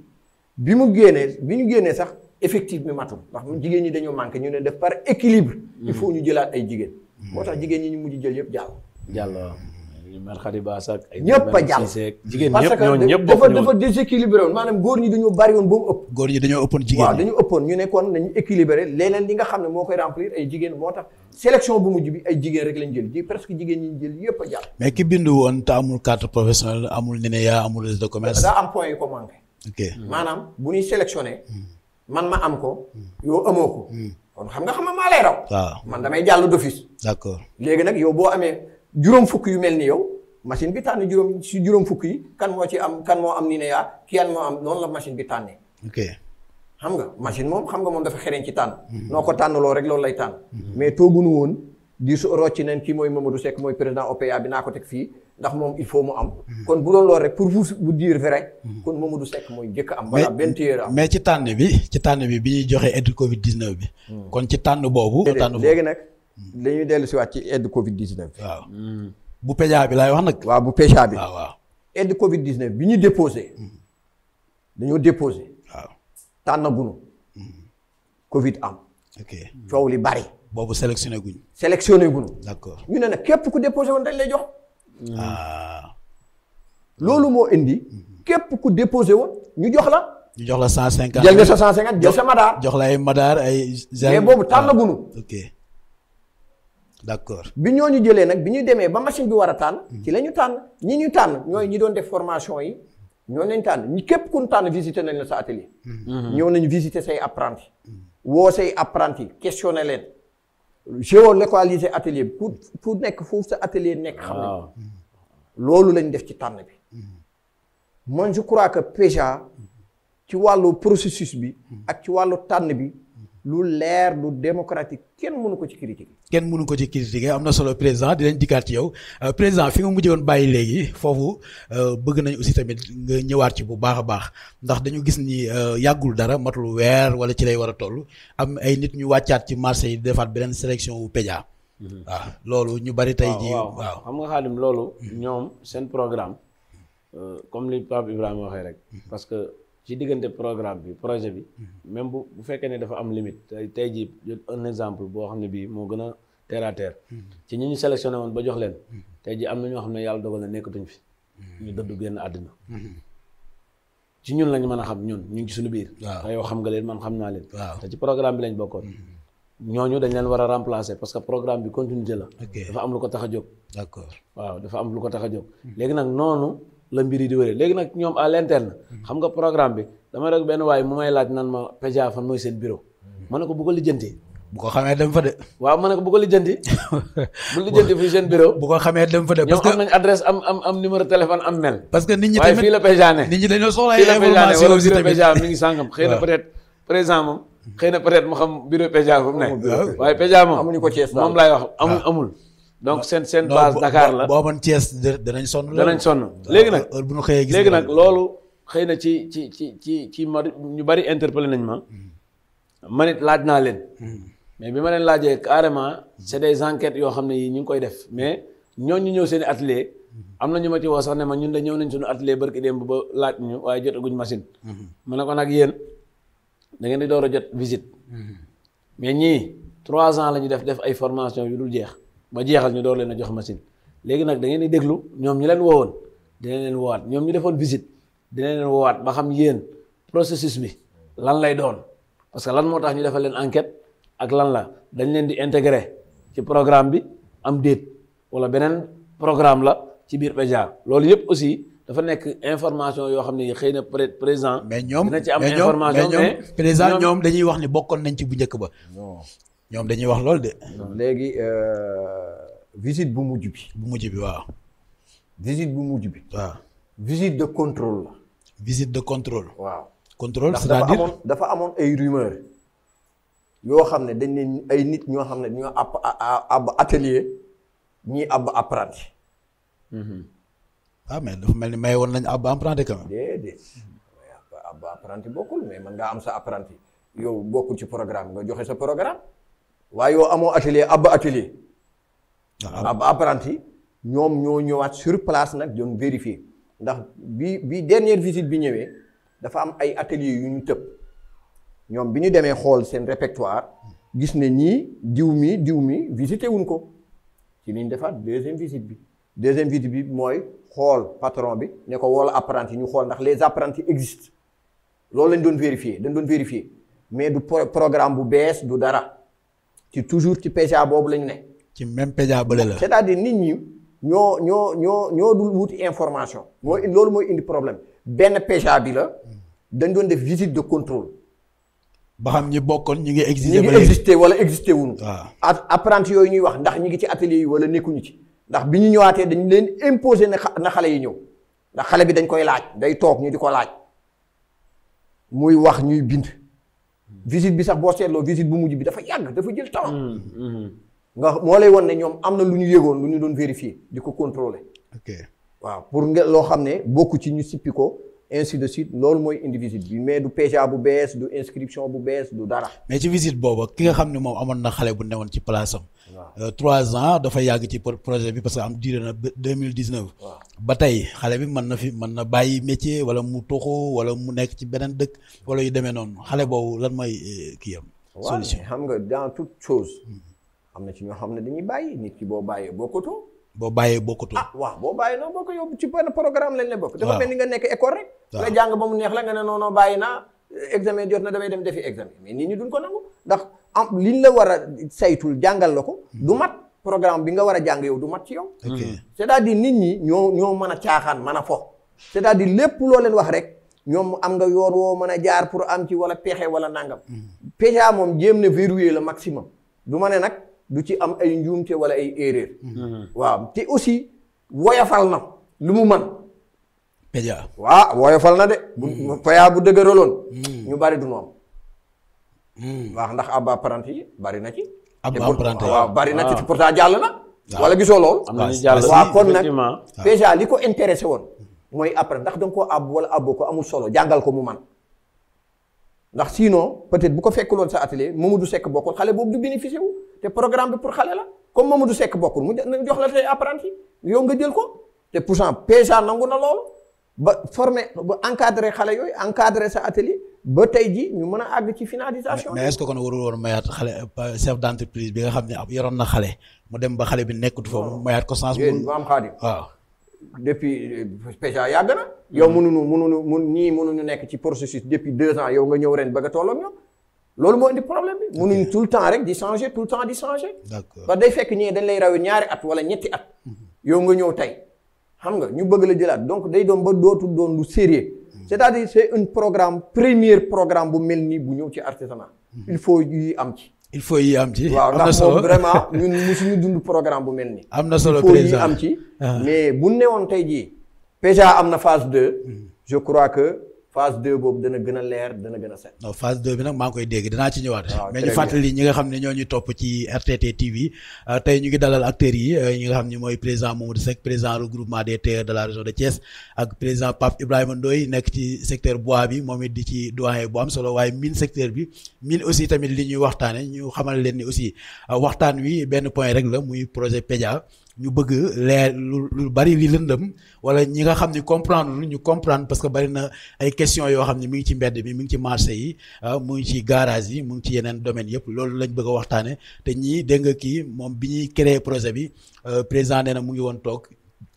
bi mu génnee bi ñu génnee sax effectif bi matul jigéen ñi dañoo manqué ñu ne def par équilibre. Hmm. il faut ñu jëlaat ay jigéen. moo tax jigéen ñi ñu mujj jël yëpp jàll. jàll mel xadi baas ak ay ñëpp a jàll jigéen ñëpp dafa déséquilibré woon maanaam góor ñi dañoo bari woon ba mu ëpp góor ñi dañoo ëppoon jigéen waaw dañu ëppoon ñu nekkoon dañu équilibré leneen li nga xam ne moo koy remplir ay jigéen moo tax sélection bu mujj bi ay jigéen rek lañ jël presque jigéen ñi jël yëpp a jàll mais ki bindu woon te amul carte professionnelle amul NINEA amul de commerce daa am point yu ko manqué ok maanaam bu ñuy sélectionné hmm. man ma am ko yow amoo hmm. kon xam nga juróom fukk yu mel ni yow machine bi tànn juróom si juróom fukk yi kan moo ci am kan moo am ni ne yaa kan moo am noonu la machine bi tànn ok xam nga machine moom xam nga moom dafa xereñ ci tànn. Hmm. noo ko tànnaloo rek loolu lay tànn. Hmm. mais tooguñu woon di su rocci nañ kii mooy Mamadou Seck mooy président OPA bi ko teg fii ndax moom il faut mu am. Hmm. kon bu doon loolu rek pour vous vous dire vrai. kon Mamadou Seck mooy njëkk am. wala benn téere mais ci tànn bi ci tànn bi bi ñuy joxe aide Covid 19 bi. kon ci tànn boobu. tànn boobu léegi nag. Mm. dañuy dellu si waat ci aide Covid 19. waaw bu PEJA bi laay wax nag. waaw bu PEJA bi. waaw waaw aide Covid 19 bi ñu déposé. Mm. dañoo déposé. waaw tànn gunu. Mm. Covid am. ok coow li bari. boobu sélectionné guñ. sélectionné guñ. d'accord ñu ne nag képp ku déposé woon dañ lay jox. Ah. loolu moo indi. Mm-hmm. képp ku déposé woon ñu jox la. ñu jox la cent cinquante. jël nga sa cent cinquante jël sa madaar. jox la ay madaar ay. mais boobu tànn gunu. Ah, ok. d'accord bi ñu jëlee nag bi ñu demee ba machine bi war a tànn. ci la ñu tànn ñi ñu tànn ñooy ñi doon def formation yi ñoo lañ tànn ñi képp ku ñu tànn visité nañ la sa atelier. Mhm. ñëw nañu visité say apprenti. woo say apprenti questionné leen. géolocaliser atelier bi pour pour nekk foofu sa atelier nekk. xam nga loolu lañ def ci tànn bi. man je crois que PEJA ci wàllu processus bi. ak ci wàllu tànn bi. lu leer lu démocratique kenn mënu ko ci critiquer. kenn mënu ko ci critiquer am na solo président dinañ dikkaat ci yow euh, président fi nga mujjee woon bàyyi léegi foofu euh, bëgg nañ aussi tamit nga ñëwaat ci bu baax a baax ndax dañu gis ni euh, yàggul dara matul weer wala ci lay war a toll am ay nit ñu wàccaat ci marché yi defaat beneen sélection wu PEJA. Mhm. waaw loolu ñu bari tey ji waaw xam nga xaalim loolu. Mhm. ñoom seen programme comme li Pape Ibrahima waxee rek mhm. ci diggante programme bi projet bi mhm. même bu bu fekkee ne dafa am limite tey jii un exemple boo xam ne bii moo gën a terre mhm. ci ñi ñu sélectionné woon ba jox leen mhm. tey jii am na ñoo xam ne yàlla dogal na nekkatuñ fi ñu dëddu génn àddina ci ñun lañ mën a xam ñun ñu ngi suñu biir te yow xam nga leen man xam naa leen te ci lañ bokkoon ñooñu dañ leen war a parce que programme bi continuité la dafa am lu ko tax a jóg waaw dafa am lu ko tax a jóg léegi nag noonu la mbir yi di wëree léegi nag ñoom à l'interne mm-hmm. xam nga programme bi dama rek benn waaye mu may laaj nan ma PEJA fan mooy seen bureau mm-hmm. ma ne ko bu ko lijjanti bu ko xamee dem fa de waaw ma ne ko bu lijjanti *laughs* bu seen bureau bu ko xamee dem fa de parce que am nañ adresse am am am numéro am mail parce que nit ñi tamit waaye fii la PEJA ne nit ñi dañoo soxla ay information aussi tamit PEJA ngi sàngam xëy na peut-être président moom xëy na peut-être mu xam bureau PEJA fu ne waaye PEJA moom ko Thiès moom laay wax amul ah. amul donc seen seen base Dakar la boo man Thiès danañ sonn danañ sonn léegi nag bu ñu xëyee léegi nag loolu xëy na ci ci ci ci ci ma ñu bari interpellé nañ ma mm-hmm. man laaj naa leen mm-hmm. mais bi ma leen laajee carrément c'est des enquêtes yoo xam ne yi ñu ngi koy def mais ñoon ñu ñëw seen i atelier mm-hmm. am na ñu ma ci woo sax ne ma ñun de ñëw nañ suñu atelier barki démb ba laaj ñu waaye jotaguñ machine ma ne ko nag yéen da ngeen di door a jot visite mais ñii trois ans la ñu def def ay formation yu dul jeex ba jeexal ñu door leen a jox machine léegi nag da ngeen di déglu ñoom ñu leen woowoon dina leen wowaat ñoom ñu defoon visite dina leen woowaat ba xam yéen processus bi lan lay doon parce que lan moo tax ñu defal leen enquête ak lan la dañ leen di intégrer ci programme bi am déet wala beneen programme la ci biir PEJA loolu yëpp aussi dafa nekk information yoo xam ne xëy na président. dina ci am information mais ñoom mais ñoom président ñoom dañuy wax ni bokkoon nañ ci bu njëkk ba. ñoom dañuy wax loolu de. léegi euh, visite bu mujj bi. bu mujj bi waaw. visite bu mujj bi. waaw visite de contrôle la. visite de contrôle. waaw contrôle cest dafa amoon ay rumeur yoo xam ne dañ ne ay nit ñoo xam ne dañoo ab ab atelier ñii ab apprenti. Mhm. ah mais dafa mel ni may woon nañu ab apprenti quand même. déedéet ab apprenti bokkul mais mën ngaa am sa apprenti yow bokkul ci programme nga joxe sa programme. waaye yoo amoo atelier ab atelier. Ah. ab apprenti ñoom ñoo ñëwaat sur place nag doon vérifier ndax bi bi dernière visite bi ñëwee dafa am ay atelier yu ñu tëb ñoom bi ñu demee xool seen répertoire gis ne ñii diw mi diw mi visité wuñ ko ci liñ defaat deuxième visite bi deuxième visite bi mooy xool patron bi ne ko wala apprenti ñu xool ndax les apprentis existent loolu lañ doon vérifier dañ doon vérifier mais du programme bu bees du dara ci toujours ci PCA boobu lañu ne. ci même PCA bële la. c'est-à-dire nit ñi ñoo ñoo ñoo ñoo dul wuti information. mooy loolu mooy indi problème benn PCA bi la dañ doon def visite de contrôle. ba xam ñi bokkoon ñu ngi existé. ñu ngi existé wala existé wuñu. waaw ah. apprenti yooyu ñuy wax ndax ñi ngi ci atelier yi wala nekkuñu ci. ndax bi ñu ñëwaatee dañu leen imposer na xale yi ñëw ndax xale bi dañ koy laaj day toog ñu di ko laaj muy wax ñuy bind visite bi sax boo seetloo visite bu mujj bi dafa yàgg dafa jël temps. Mm, mm-hmm. nga moo lay wan ne ñoom am na lu ñu yëgoon lu ñu doon vérifier di ko contrôler. ok waaw pour nga loo xam ne bokku ci ñu sippi ko ainsi de suite loolu mooy indi visite bi mais du PGA bu bees du inscription bu bees du dara. mais ci visite boobu ki nga xam ne moom amoon na xale bu newoon ci place euh, trois ans dafa yàgg ci projet bi parce que am duré na deux mille dix neuf. ba tey xale bi mën na fi mën na bàyyi métier wala mu toxu wala mu nekk ci beneen dëkk wala yu demee noonu xale boobu lan may euh, kii am. solution xam nga dans toute chose. Hmm. am na ci ñoo xam ne dañuy bàyyi nit ki boo bàyyee bokkutoo. boo bàyyee bokkutoo. ah waaw boo bàyyee noonu bokk ko yóbbu ci benn programme lañ la bokk. dafa mel ni nga nekk école rek. nga jàng ba mu neex la nga ne noonu bàyyi naa examen jot na damay dem defi examen mais nit ñi duñ ko nangu ndax am liñ la war a saytul jàngal la ko hmm. du mat. programme bi nga war a jàng yow du mat ci yow. Hmm. cest à nit ñi ñoo ñoo mën a caaxaan mën a fo. c'est-à-dire lépp loo leen wax rek ñoom am nga yoon woo mën a jaar pour am ci wala pexe wala nangam. Hmm. pexe moom jéem na verrouiller le maximum. du ma ne nag du ci am ay njuumte wala ay erreur. Mm-hmm. waaw te aussi woyafal na lu mu man waa waaw woyofal na de. bu mm-hmm. PEJA bu dëgëraloon. Mm-hmm. ñu bari du ñu am. waaw ndax ab apprenti yi bari na ci. ab apprenti waaw bari na ci ah. pourtant jàll na. Ah. wala gisoo lool. am na jàll waaw kon nag PEJA ah. li ko intéressé woon. mooy après ndax danga ko àbb wala àbboo ko amul solo jàngal ko mu man ndax sinon peut-être bu ko fekkuloon sa atelier Mamadou sekk bokkul xale boobu du bénéficié wu. te programme bi pour xale la comme ma Mamadou Seck bokkul mu jox la tey apprenti yow nga jël ko te pourtant PEJA nangu na loolu ba former ba encadrer xale yooyu encadrer sa atelier ba tey ji ñu mën a àgg ci finalisation. mais est-ce que xale chef d'entreprise bi nga xam ne ab yoroon na xale mu dem ba xale bi nekkut fa mu ko sens. bu am xaadim waaw. depuis euh, PEJA yàgg na. yow munu hmm. mënuñu mënuñu mun ñii mënuñu nekk ci processus depuis deux ans yow nga ñëw ren bëgg a toll ak loolu moo indi problème bi mënuñ tout le temps rek di changer tout le temps di changer d'accord parce que day fekk ñee dañ lay raw ñaari at wala ñetti at mhm. yow nga ñëw tey xam nga ñu bëgg la jëlaat donc day doon ba dootu doon lu sérieux mhm. c'est-à-dire c'est un programme premier programme bu mel nii bu ñëw ci artisanat mhm. il faut yi am ci il faut yi am ci waaw ndax moom vraiment ñu musuñu dund programme bu mel nii *laughs* am na solo président il faut yi am ci ah. mais bu newoon tey jii PJA am na phase de je crois que phase 2 boobu dana gën a leer dana gën a set. non phase 2 bi nag maa ngi koy dégg danaa ci ñëwaat. Ah, mais ñu fàttali ñi nga xam ne ñoo ñu topp ci RTT TV euh, tey ñu ngi dalal acteurs yi euh, ñi nga xam ne mooy président Mamadou Seck président regroupement des terres de la région de Thiès ak nekk ci secteur bois bi moom it di ci doyen bu am solo waaye mine secteur bi mine aussi tamit li ñuy waxtaane ñu xamal leen ni aussi euh, waxtaan wi benn point rek la muy projet PEJA. ñu bëgg leer lu lu bari li lëndëm wala ñi nga xam ni comprendre lu ñu comprendre parce que bari na ay question yoo xam ne mu ngi ci mbedd bi mu ngi ci marché yi ah, mu ngi ci garage yi mu ngi ci yeneen domaines yëpp loolu lañ bëgg a waxtaane te ñii dégg nga kii moom bi ñuy créer projet bi euh, président nee na mu ngi woon toog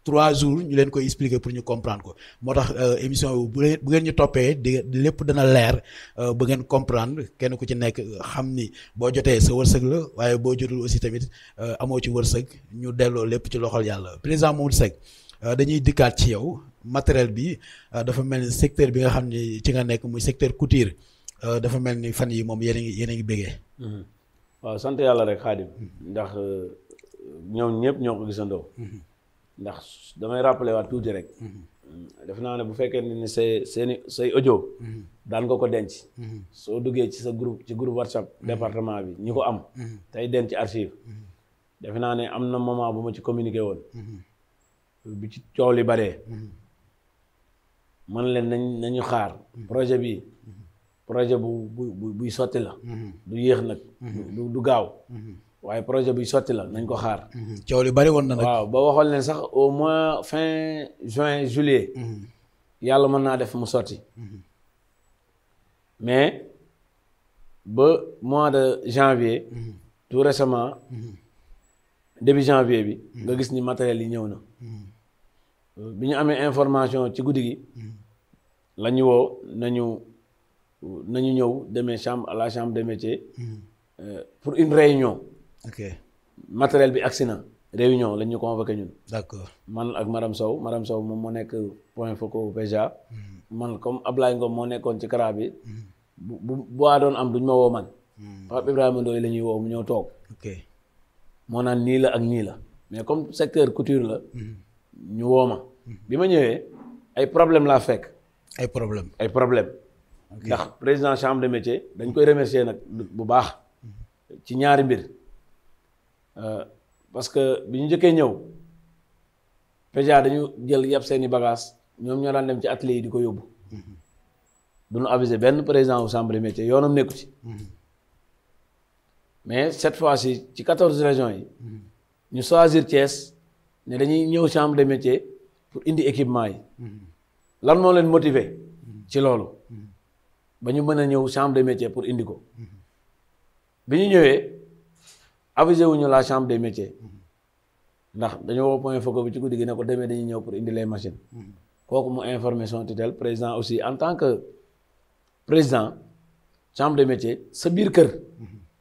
trois jours ñu leen koy expliquer pour ñu comprendre ko moo tax euh, émission bu bu ngeen ñu toppee di lépp dana leer euh, ba ngeen comprendre kenn ku ci nekk euh, xam ni boo jotee sa wërsëg la waaye boo jotul aussi tamit amoo ci wërsëg ñu delloo lépp ci loxol yàlla président Mamadou Seck dañuy dikkaat ci yow matériel bi dafa mel ni secteur bi nga xam ni ci nga nekk muy secteur couture dafa mel ni fan yi moom yéen a ngi yéen a ngi bëggee. Mm-hmm. waaw sant yàlla rek Khadim ndax ñoom ñëpp ñoo ndax damay rappelé waat tuuti rek. def naa ne bu fekkee ni say seeni say ojo daan nga ko denc. soo duggee ci sa groupe ci groupe whatsapp. département bi ñu ko am. tey denc archive. def naa ne am na moment bu ma ci communiqué woon. bi ci coow li baree. man leen na nañu xaar. projet bi projet bu bu buy sotti la. Mhm. du yéex nag. Mhm. du du gaaw. Mhm. waaye projet bi sotti la nañ ko xaar. Mhm. coow li bari woon na nag. waaw ba waxoon leen sax au moins fin juin juillet. Mhm. yàlla mën naa def mu sotti. Mhm. mais ba mois de janvier. tout récemment. début janvier bi. nga gis ni matériel yi ñëw na. Euh, bi ñu amee information ci guddi gi. la woo nañu nañu ñëw demee chambre à la chambre des métiers. Euh, pour une réunion. ok matériel bi agsi na réunion lañ ñu convoqué ñun. d'accord man ak madame Sow madame Sow moom moo nekk point focal PEJA. Hmm. man comme Ablaye Ngom moo nekkoon ci CRA bi. Hmm. bu bu boo doon am duñ ma woo man. Hmm. Pape Ibrahima Ndoye la ñuy woo mu ñëw toog. ok moo naan nii la ak nii la mais comme secteur couture la. ñu woo ma. bi ma ñëwee ay problème laa fekk. ay problème ay problème ndax président chambre de métier dañ koy remercier nag bu baax. ci ñaari mbir. Euh, parce que bi ñu njëkkee ñëw Pédia dañu jël yàpp seeni bagage ñoom ñoo daan dem ci atelier yi di ko yóbbu mm-hmm. duñu avisé benn président wu chambre métier yoonam nekku ci mm-hmm. mais cette fois-ci ci quatorze régions yi mm-hmm. ñu choisir Thiès ne dañuy ñëw chambre de métier pour indi équipement yi lan moo leen motiver ci loolu ba ñu mën a ñëw chambre de métier pour indi ko bi ñu ñëwee avisé wuñu la chambre des métiers ndax dañoo woo point focal bi ci guddi gi ne ko demee dañuy ñëw pour indi les machines kooku mu informé son tutelle président aussi en tant que président chambre de métiers sa biir kër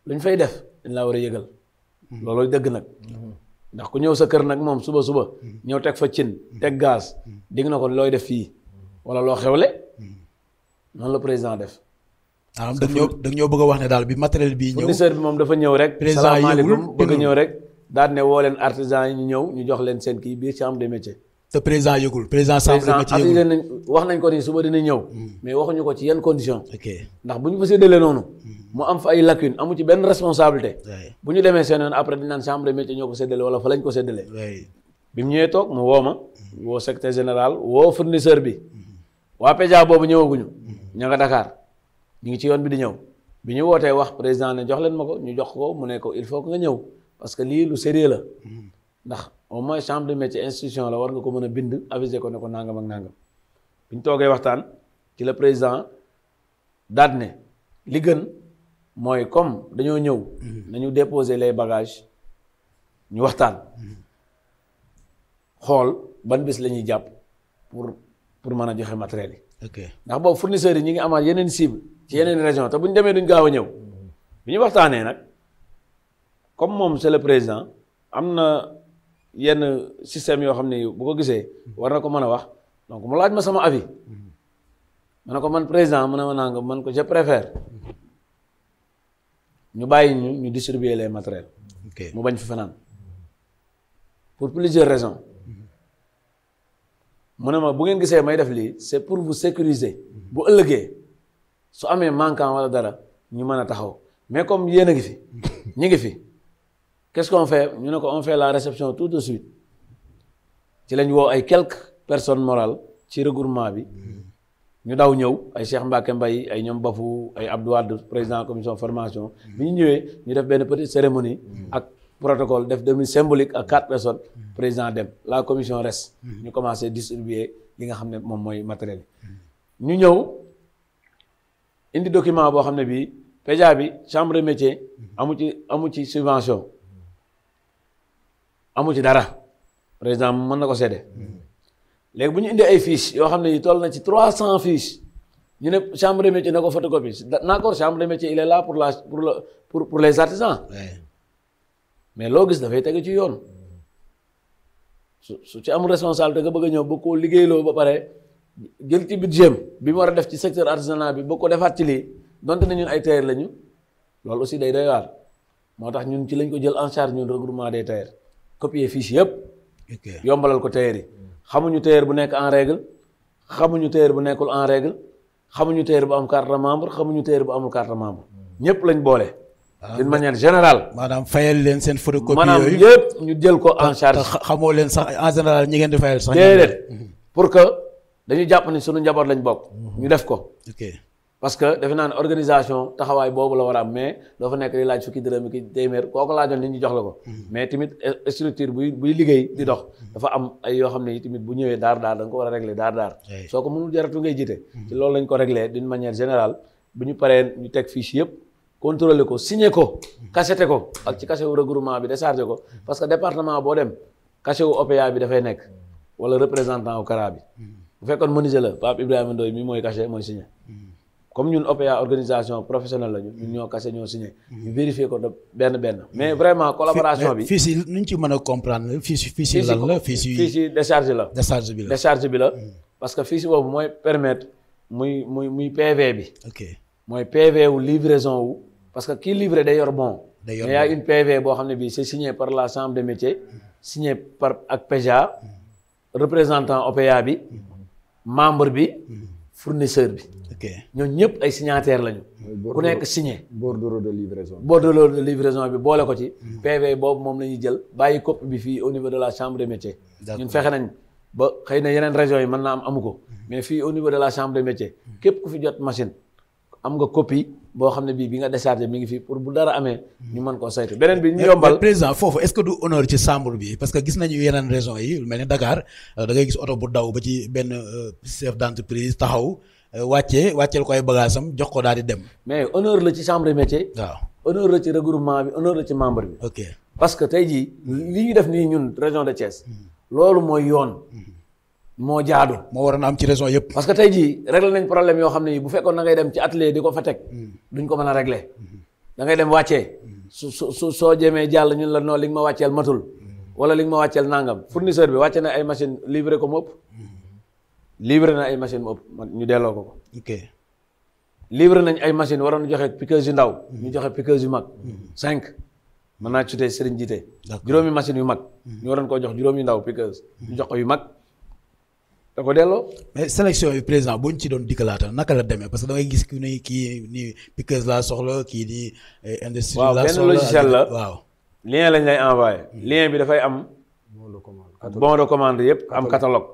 lu ñu fay def dañ laa war a yëgal loolooy dëgg nag ndax ku ñëw sa kër nag moom suba suba ñëw teg fa cin teg gaz dégg na ko looy def fii wala loo xewle noonu la président def ah da ñoo da ñoo bëgg wax ne daal bi matériel bi ñëw fournisseur moom dafa ñëw rek. président salaamaaleykum bëgg ñëw rek. daal ne leen artisan yi ñëw ñu jox leen seen kii biir chambre des métiers. te président yëgul président chambre des wax nañ ko ni suba dina ñëw. Hmm. mais waxuñu ko ci yan condition ok ndax bu ñu fa séddalee noonu. Hmm. mu am ay lacune amu ci benn responsabilité. bu ñu demee seen après di naan chambre des métiers ñoo ko séddalee wala ko séddalee. bi mu ñëwee toog mu woo ma. Hmm. woo secrétaire général woo fournisseur bi. waa PEJA boobu ñëwaguñu. ña nga Dakar ñu ngi ci yoon bi di ñëw bi ñu wootee wax président ne jox leen ma ko ñu jox ko mu ne ko il faut que nga ñëw parce que lii lu sérieux la ndax au moins chambre de métier institution la war nga ko mën a bind aviser ko ne ko nangam ak nangam bi ñu toogee waxtaan ci la président daat ne li gën mooy comme dañoo ñëw nañu déposer les bagages ñu waxtaan xool ban bis la ñuy jàpp pour pour mën a joxe matériel yi. ok ndax boobu fournisseurs yi ñu ngi amaat yeneen cible ci yeneen région te bu ñu demee duñ gaaw a ñëw bi ñu waxtaanee nag comme moom c'est le président am na yenn système yoo xam ne bu ko gisee war na ko mën a wax donc mu laaj ma sama avis ma ne ko man président mu ne ma nga man ko je préfère ñu bàyyi ñu ñu distribuer les matériels. mu bañ fi fanaan pour plusieurs raisons mhm. mu ne ma bu ngeen gisee may def lii c'est pour vous sécuriser mhm. bu ëllëgee su amee manquant wala dara ñu mën a taxaw mais comme yéen a ngi fi ñu ngi fi qu'est-ce qu'on fait ñu ne ko on fait la réception tout de suite ci lañ woo ay quelques personnes morales ci regroupement bi ñu daw ñëw ay Cheikh Mbacke Mbaye ay ñoom Bafou ay Abdou Wade président commission formation bi ñu ñëwee ñu def benn petite cérémonie ak protocole def demi symbolique ak quatre personnes président dem la commission reste ñu commencé distribuer li nga xam ne moom mooy matériel indi document boo xam ne bii PEJA bi chambre de métier mhm. amu ci amu ci subvention amu ci dara président mën na ko sedde mhm. léegi bu ñu indi ay fiche yoo xam ne yi toll na ci trois cent fiches ñu ne chambre de métier na ko photocopie d'accord chambre de métier il est là pour la pour la pour pour les artisans mais loo gis dafay teg ci yoon mhm. su su ci amul responsabilité nga bëgg a ñëw ba koo liggéeyloo ba pare jël ci budget bi mu war a def ci secteur artisanat bi boo ko defaat ci lii donte ne ñun ay tailleur lañu loolu aussi day doy waar moo tax ñun ci lañ ko jël en charge ñun regroupement de tailleurs copier fiche yëpp. yombalal ko tailleur yi. xamuñu tailleur bu nekk en règle xamuñu tailleur bu nekkul en règle xamuñu tailleur bu am carte membre xamuñu tailleur bu amul carte membre ñëpp lañ boole. Ah, d'une manière générale. maanaam fayal leen seen photocopie yooyu maanaam ñu jël ko en charge. xamoo leen sax en général ñi ngeen di fayal sax. dañuy jàpp ni suñu njaboot lañu bokk. Mhm. ñu def ko. parce que defe naa ne organisation taxawaay boobu la war a am mais doo fa nekk di laaj fukki dërëm ki téeméer koo ko laajoon nit ñi jox la ko. Mhm. mais tamit eh, structure buy buy liggéey di dox. Mhm. dafa am ay yoo xam ne tamit bu ñëwee daar daar da nga ko war a régler daar daar. soo ko mënul jaratu ngay jiite. ci loolu lañ ko régler d'une manière générale bu ñu paree ñu teg fiche yëpp. contrôler ko signer ko. cacheté ko ak ci cachet wu regroupement bi déchargé ko parce que département boo dem cachet wu bi dafay nekk wala représentant wu bi. bu fekkoon menuisier la Pape Ibrahima Ndoye mi mooy cachet mooy signé comme ñun OPA organisation professionnelle la ñu ñun ñoo cachet ñoo signé. ñu vérifier ko de benn benn. mais vraiment collaboration bi. fii si nu ñu ci mën a comprendre fii si fii la fii si. fii si décharge la. décharge bi la bi la. Hmm. parce que fii si boobu mooy permettre muy muy muy PV bi. ok mooy PV wu livraison wu. parce que kii livre day yor bon. day yor bon mais y une PV boo xam ne bii c'est signé par la chambre de métier. signé par ak PEJA. Hmm. représentant bi. Hmm. membre bi hmm. fournisseur bi. ok ñooñu ñëpp ay signataires lañu. ku nekk signé. bordereau de livraison bi bordereau de bi boole ko ci. Hmm. PV boobu moom la ñuy jël bàyyi copie bi fii au niveau de la chambre des métiers. ñun fexe nañ ba xëy na yeneen région yi mën naa am amu ko. Hmm. mais fii au niveau de la chambre de métiers képp ku fi jot machine. am nga copie boo xam ne bii bi nga déchargé mi ngi fii pour bu dara amee hmm. ñu mën koo saytu beneen bi ñu yombal président foofu est-ce que du honneur ci chambre bi parce que gis nañu yeneen région yi lu mel ne Dakar euh, da ngay gis oto bu daw ba ci benn euh, chef d'entreprise taxaw euh, wàccee wàcceel ko ay bagage am jox ko daal di dem mais honneur la ci chambre métier waaw honneur la ci regroupement bi honneur la ci membre bi ok parce que tey jii li ñu def nii ñun région de Thiès hmm. loolu mooy yoon hmm. moo jaadu. moo war a am ci raison yëpp. parce que tey jii réglé nañ problème yoo xam ne bu fekkoon da ngay dem ci atelier di ko fa teg. Mm. duñ ko mën a regle mm-hmm. dangay dem wàccee. Mm. su su soo jemee jàll ñun la noonu li nga ma wàcceel matul. Mm-hmm. wala li nga ma wàcceel nangam fournisseur bi wàcce na ay machine livré ko mu ëpp. Mm-hmm. livré na ay machine mu ëpp ñu delloo ko ko. ok livré nañ ay machine waroon joxe piqueuse yu ndaw. ñu joxe piqueuse yu mag. cinq mën naa ci tey sëriñ jiite. juróomi machine yu mag. ñu waroon koo jox juróomi ndaw piqueuse. ñu yu mag. da ko delloo. yi président boo ñu ci doon dikkalaata naka la demee parce que da ngay gis ku ne kii nii piqueuse laa soxla kii nii. Eh, industrie laa soxla waaw benn waaw. lien lañ lay envoyé. Hmm. lien bi dafay am. bon de commande bon yëpp am catalogue.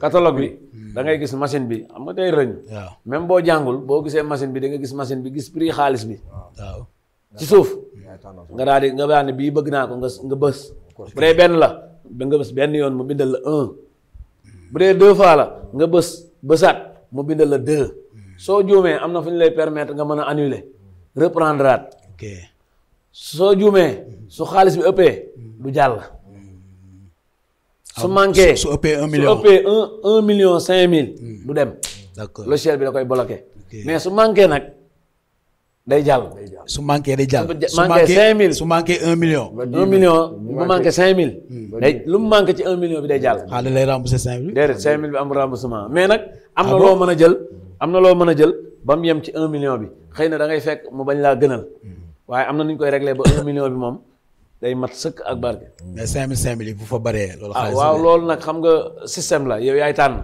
catalogue hmm. bi hmm. da ngay gis machine bi am nga day rëñ. waaw même boo jàngul boo gisee machine bi da nga gis machine bi gis prix xaalis bi. waaw ci suuf. nga daa di nga daal ne bii bëgg naa ko nga nga bës. bu dee benn la da nga bës benn yoon mu bindal la un. bu dee deux fois la nga bës bësat mu bindal la deux soo juumee am na fu ñu lay permettre nga mën a annuler reprendre aat soo juumee su xaalis bi ëppee du jàll. su ah, manqué su ëppee un million su ëppee un un million cinq mille. Hmm. du dem. d'accord logiciel bi da koy bloqué. mais su manqué nag. day jàll. su manqué day jàll. su manqué 5000 su manqué 1 million. 1 million mu manqué 5000. Hmm. day lu mu manqué ci 1 million bi day jàll. ah da lay remboursé 5000. déedéet bi am remboursement mais nag. am na ah loo mën a jël. am na loo mën a jël ba mu yem ci 1 million bi xëy na da ngay fekk mu bañ laa gënal. Hmm. waaye am na nu ñu koy réglé ba 1 million bi moom. day mat sëkk ak barke. mais 5000 5000 bu fa baree. loolu ah, xaalis waaw loolu nag xam nga système la yow yaay tànn.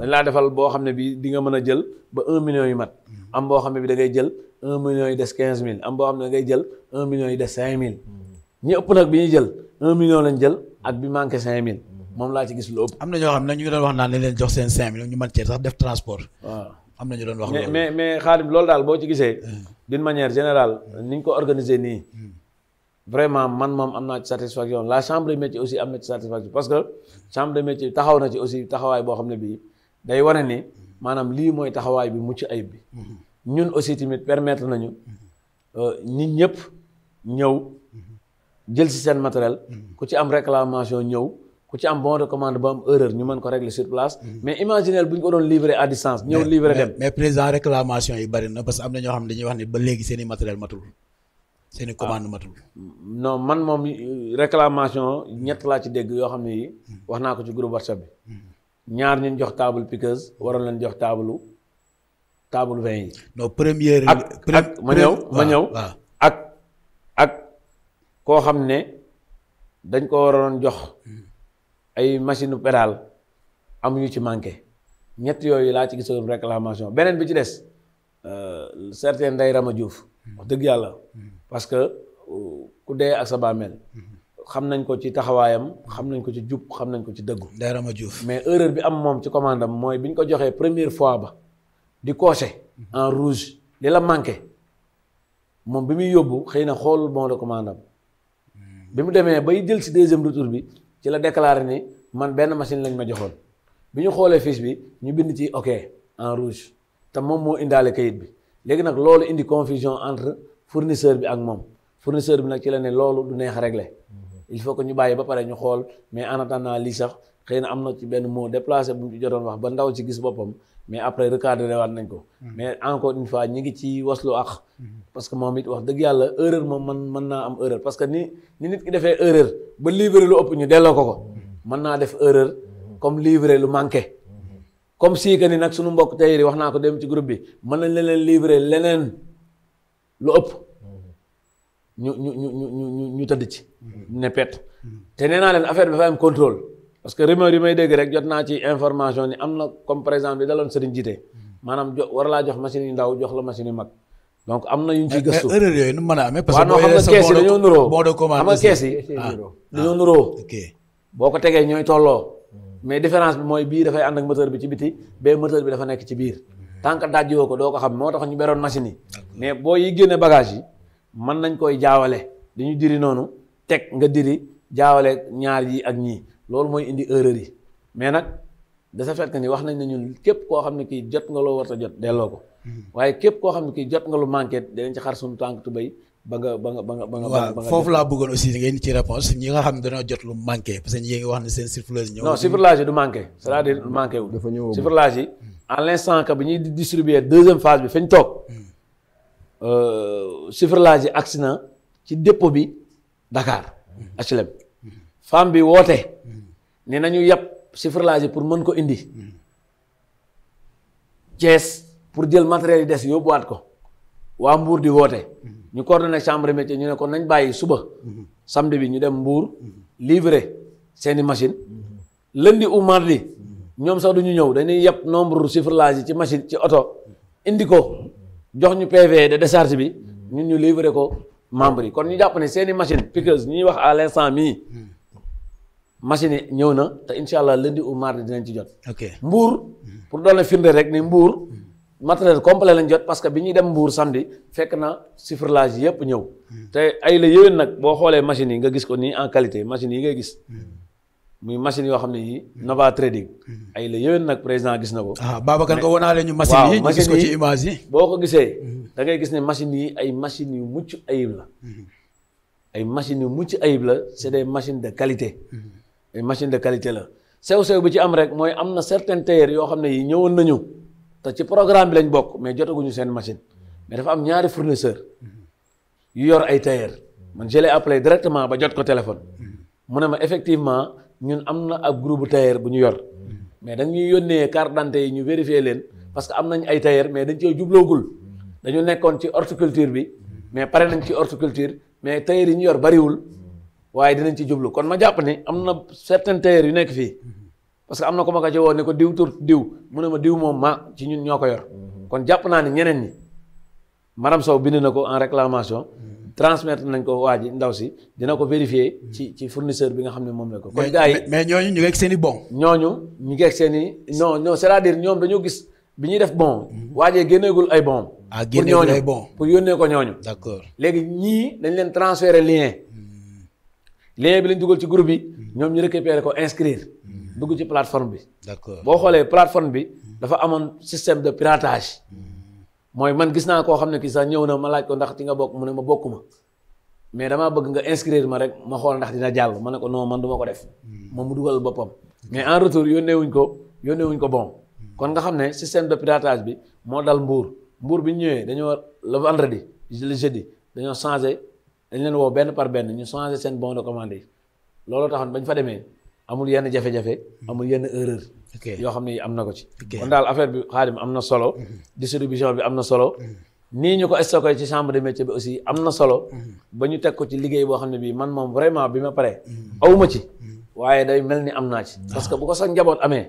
dañ laa defal boo xam ne bii di nga mën a jël ba 1 million yu mat. Mm-hmm. am boo xam ne bi da ngay jël 1 million yi des 15000 am boo xam ne da ngay jël 1 million yi des 5000. Mm-hmm. ñi ëpp nag bi ñuy jël 1 million lañ jël ak bi manqué 5000. Mm-hmm. moom laa ci gis lu ëpp. am na ñoo xam ne ñu ngi doon wax naan dañ leen jox seen 5000 ñu mën cee sax def transport. waaw am na ñu doon wax. loolu mais mais xaalim loolu daal boo ci gisee. Mm. d'une manière générale mm. niñ ko organiser nii mm. vraiment man moom am naa ci satisfaction la chambre des métiers aussi am na ci satisfaction parce que chambre des métiers taxaw na ci aussi taxawaay boo xam ne bii day wane ni maanaam lii mooy taxawaay bi mucc ay bi ñun aussi tamit permettre nañu euh, nit ñëpp ñëw jël si seen matériel ku ci am réclamation ñëw ku ci am bon de commande am erreur ñu mën ko régler sur place. mais imaginez bu ñu ko doon livrer à ñëw livrer dem mais président réclamation wax léegi seen i matériel seeni i ah. commande matul man moom réclamation ñett laa ci dégg yoo xam ne wax naa ko ci groupe whatsapp bi hmm. ñaar ñu jox table piqueuse waroon lan jox table table vin yi. non première. ak ak ma ñëw ma ñëw. ak ak koo xam ne dañ ko waroon jox hmm. ay machine pédale am yu ci manqué ñett yooyu laa ci gisoon réclamation beneen bi ci des euh, certaine day Rama Diouf hmm. wax dëgg yàlla. parce que euh, ku dee ak sa bàmmeel xam nañ ko ci taxawaayam xam nañ ko ci jub xam nañ ko ci dëggu. dara ma juuf mais erreur bi am moom ci commande mooy bi ñu ko joxee première fois ba di coché en rouge li la manqué moom bi muy yóbbu xëy na xoolul bon de commande am hmm. bi mu demee bay jël si deuxième retour bi ci la déclaré ni man benn machine lañ ma joxoon bi ñu xoolee fiche bi ñu bind ci ok en rouge te moom moo indaale kayit bi léegi nag loolu indi confusion entre. fournisseur bi ak moom fournisseur bi nag ci la ne loolu du neex régler il faut que ñu bàyyi ba pare ñu xool mais en attendant lii sax xëy na am na ci benn moo déplacé bu mu jotoon wax ba ndaw ci gis boppam mais après recadré waat nañ ko. Mm-hmm. mais encore une fois ñi ngi ci waslu ak. Mm-hmm. parce que moom it wax dëgg yàlla erreur moom man mën naa am erreur parce que ni ni nit ki defee erreur ba livrer lu ëpp ñu delloo ko ko mm-hmm. mën naa def erreur comme livrer lu manqué. comme si ni nag sunu mbokk tey wax naa ko dem ci groupe bi mën nañ leen livrer leneen ñu ñu ñu ñu ñu tëdd ci. ne pet. te nee naa leen affaire bi dafa am contrôle parce que rumeur yi may dégg rek jot naa ci information ni am na comme par exemple li daloon Serigne Jité maanaam jo war laa jox machine yu ndaw jox la machine yu mag. donc am na ñu ciy gëstu erreur yooyu nu mën a amee. parce que boo yoree sa bon de bon de commande xam nga kees yi ah, dañoo nuroo ah. boo ko tegee ñooy tolloo. mais différence bi mooy bii dafay ànd ak moteur bi ci biti bee moteur bi dafa nekk ci biir. tant que daaj ko doo ko xam moo tax ñu beroon machine yi. mais boo yi génne bagage yi. man nañ koy jaawale dañu diri noonu teg nga diri jaawale ñaar yi ak ñii loolu mooy indi erreur yi mais nag de ce fait ni wax nañ ne ñun képp koo xam ne kii jot nga loo war jot delloo ko hmm. koo xam ne kii jot nga lu manqué dinañ ci xar suñu tànk tubéy ba nga ba nga ba ñi nga xam ne dañoo jot lu manqué parce ñi ngi wax ne seen chiffrelage ñëw non chiffrelage yi du manqué c'est-à-dire manqué wu chiffrelage bi ñuy distribuer deuxième phase bi fañ toog hmm. suffrage euh, yi agsi na ci dépôt bi Dakar HLM femme bi woote ne nañu yàpp suffrage pour mën ko indi Thiès pour jël matériel yi des waat ko waa Mbour di woote ñu coordonné chambre métier ñu ne kon nañ bàyyi suba samedi bi ñu dem mbuur livrer seeni machine lundi ou li ñoom sax du ñu ñëw dañuy yàpp nombre suffrage yi ci machine ci oto indi ko jox ñu PV de décharge bi ñun ñu livrer ko membre yi kon ñu jàpp ne seeni machine piqueuse ñuy wax à l'instant mi machine yi ñëw na te incha allah lundi ou di dinañ ci jot. ok mbuur pour doon la firnde rek ni mbuur matériel complet lañ jot parce que bi ñuy dem mbuur samedi fekk na chiffrelage yëpp ñëw hmm. te ay la yéwén nag boo xoolee machines yi nga gis ko nii en qualité machines yi ngay gis. Hmm. muy machine yoo xam ne yi hmm. Nova Trading hmm. ay la yéwén nag président gis na ko ah Babacar nga wanaale ñu machine yi ñu gis ko ci image yi boo ko gisee hmm. da ngay gis ne machine yi ay machines yu mucc ayib la ay machines yu mucc ayib la c' est de qualité ay machines de qualité la sew-sew bi ci am rek mooy am na certain tailleurs yoo xam ne yi ñëwoon nañu te ci programme bi lañ bokk mais jotaguñu seen machine mais dafa am ñaari fournisseur yu yor ay tailleurs man je l'ai appelé directement ba jot ko ñun am na ab groupe tailleur bu ñu yor mais dañuy yónnee carte d'identité yi ñu vérifier leen parce que am nañ ay tailleur mais dañ cee jubloogul dañu nekkoon ci horticulture bi mais pare nañ ci horticulture mais tailleur yi ñu yor bariwul waaye dinañ ci jublu kon ma jàpp ni am na certains tailleurs yu nekk fii parce que am na ko ma ko ci woo ne ko diw tur diw mu ne ma diw moom ma ci ñun ñoo ko yor kon jàpp naa ne ñeneen ñi madame Sow bind na ko en réclamation transmettre nañ ko waa ji ndaw si dina ko vérifier ci ci fournisseur bi nga xam ne moom la ko. kon gars yi mais ñooñu ñu ngi ak seen i bon. ñooñu ñu ngi ak seen i non non c'est-à-dire ñoom dañoo gis bi ñuy def bon. Mhm. waajee génneegul ay bon. ah génneegul ay bon pour yónnee ko ñooñu. d'accord léegi ñii dañ leen transférer lien. Hmm. lien bi lañ dugal ci groupe bi. Hmm. ñoom ñu récupérer ko inscrir hmm. dugg ci plateforme bi. d'accord boo xoolee plateforme bi dafa amoon système de piratage. mooy man gis naa koo xam ne kii sax ñëw na ma laaj ko ndax ci nga bokk mu ne ma ma mais damaa bëgg nga inscrire ma rek ma xool ndax dina jàll ma ne ko non man du ma ko def hmm. moom mu dugal boppam mais en retour yónnee wuñ ko yónnee wuñ ko bon hmm. kon nga xam ne système de piratage bi moo dal mbuur mbuur bi ñu ñëwee dañoo le vendredi le jeudi dañoo changé dañ leen woo benn par benn ñu changé seen bon de commande yi looloo taxoon bañ fa demee amul yenn jafe-jafe hmm. yenn erreur yoo xam ne am na ko ci. kon daal affaire bi xaadim am na solo. Mhm. distribution bi am na solo. Mhm. nii ñu ko stocké ci chambre de métier bi aussi am na solo. Mhm. ba ñu teg ko ci liggéey boo xam ne bii man moom vraiment bi ma paree. awuma ci. waaye day mel ni am naa ci. Ah. parce que bu ko sax njaboot amee.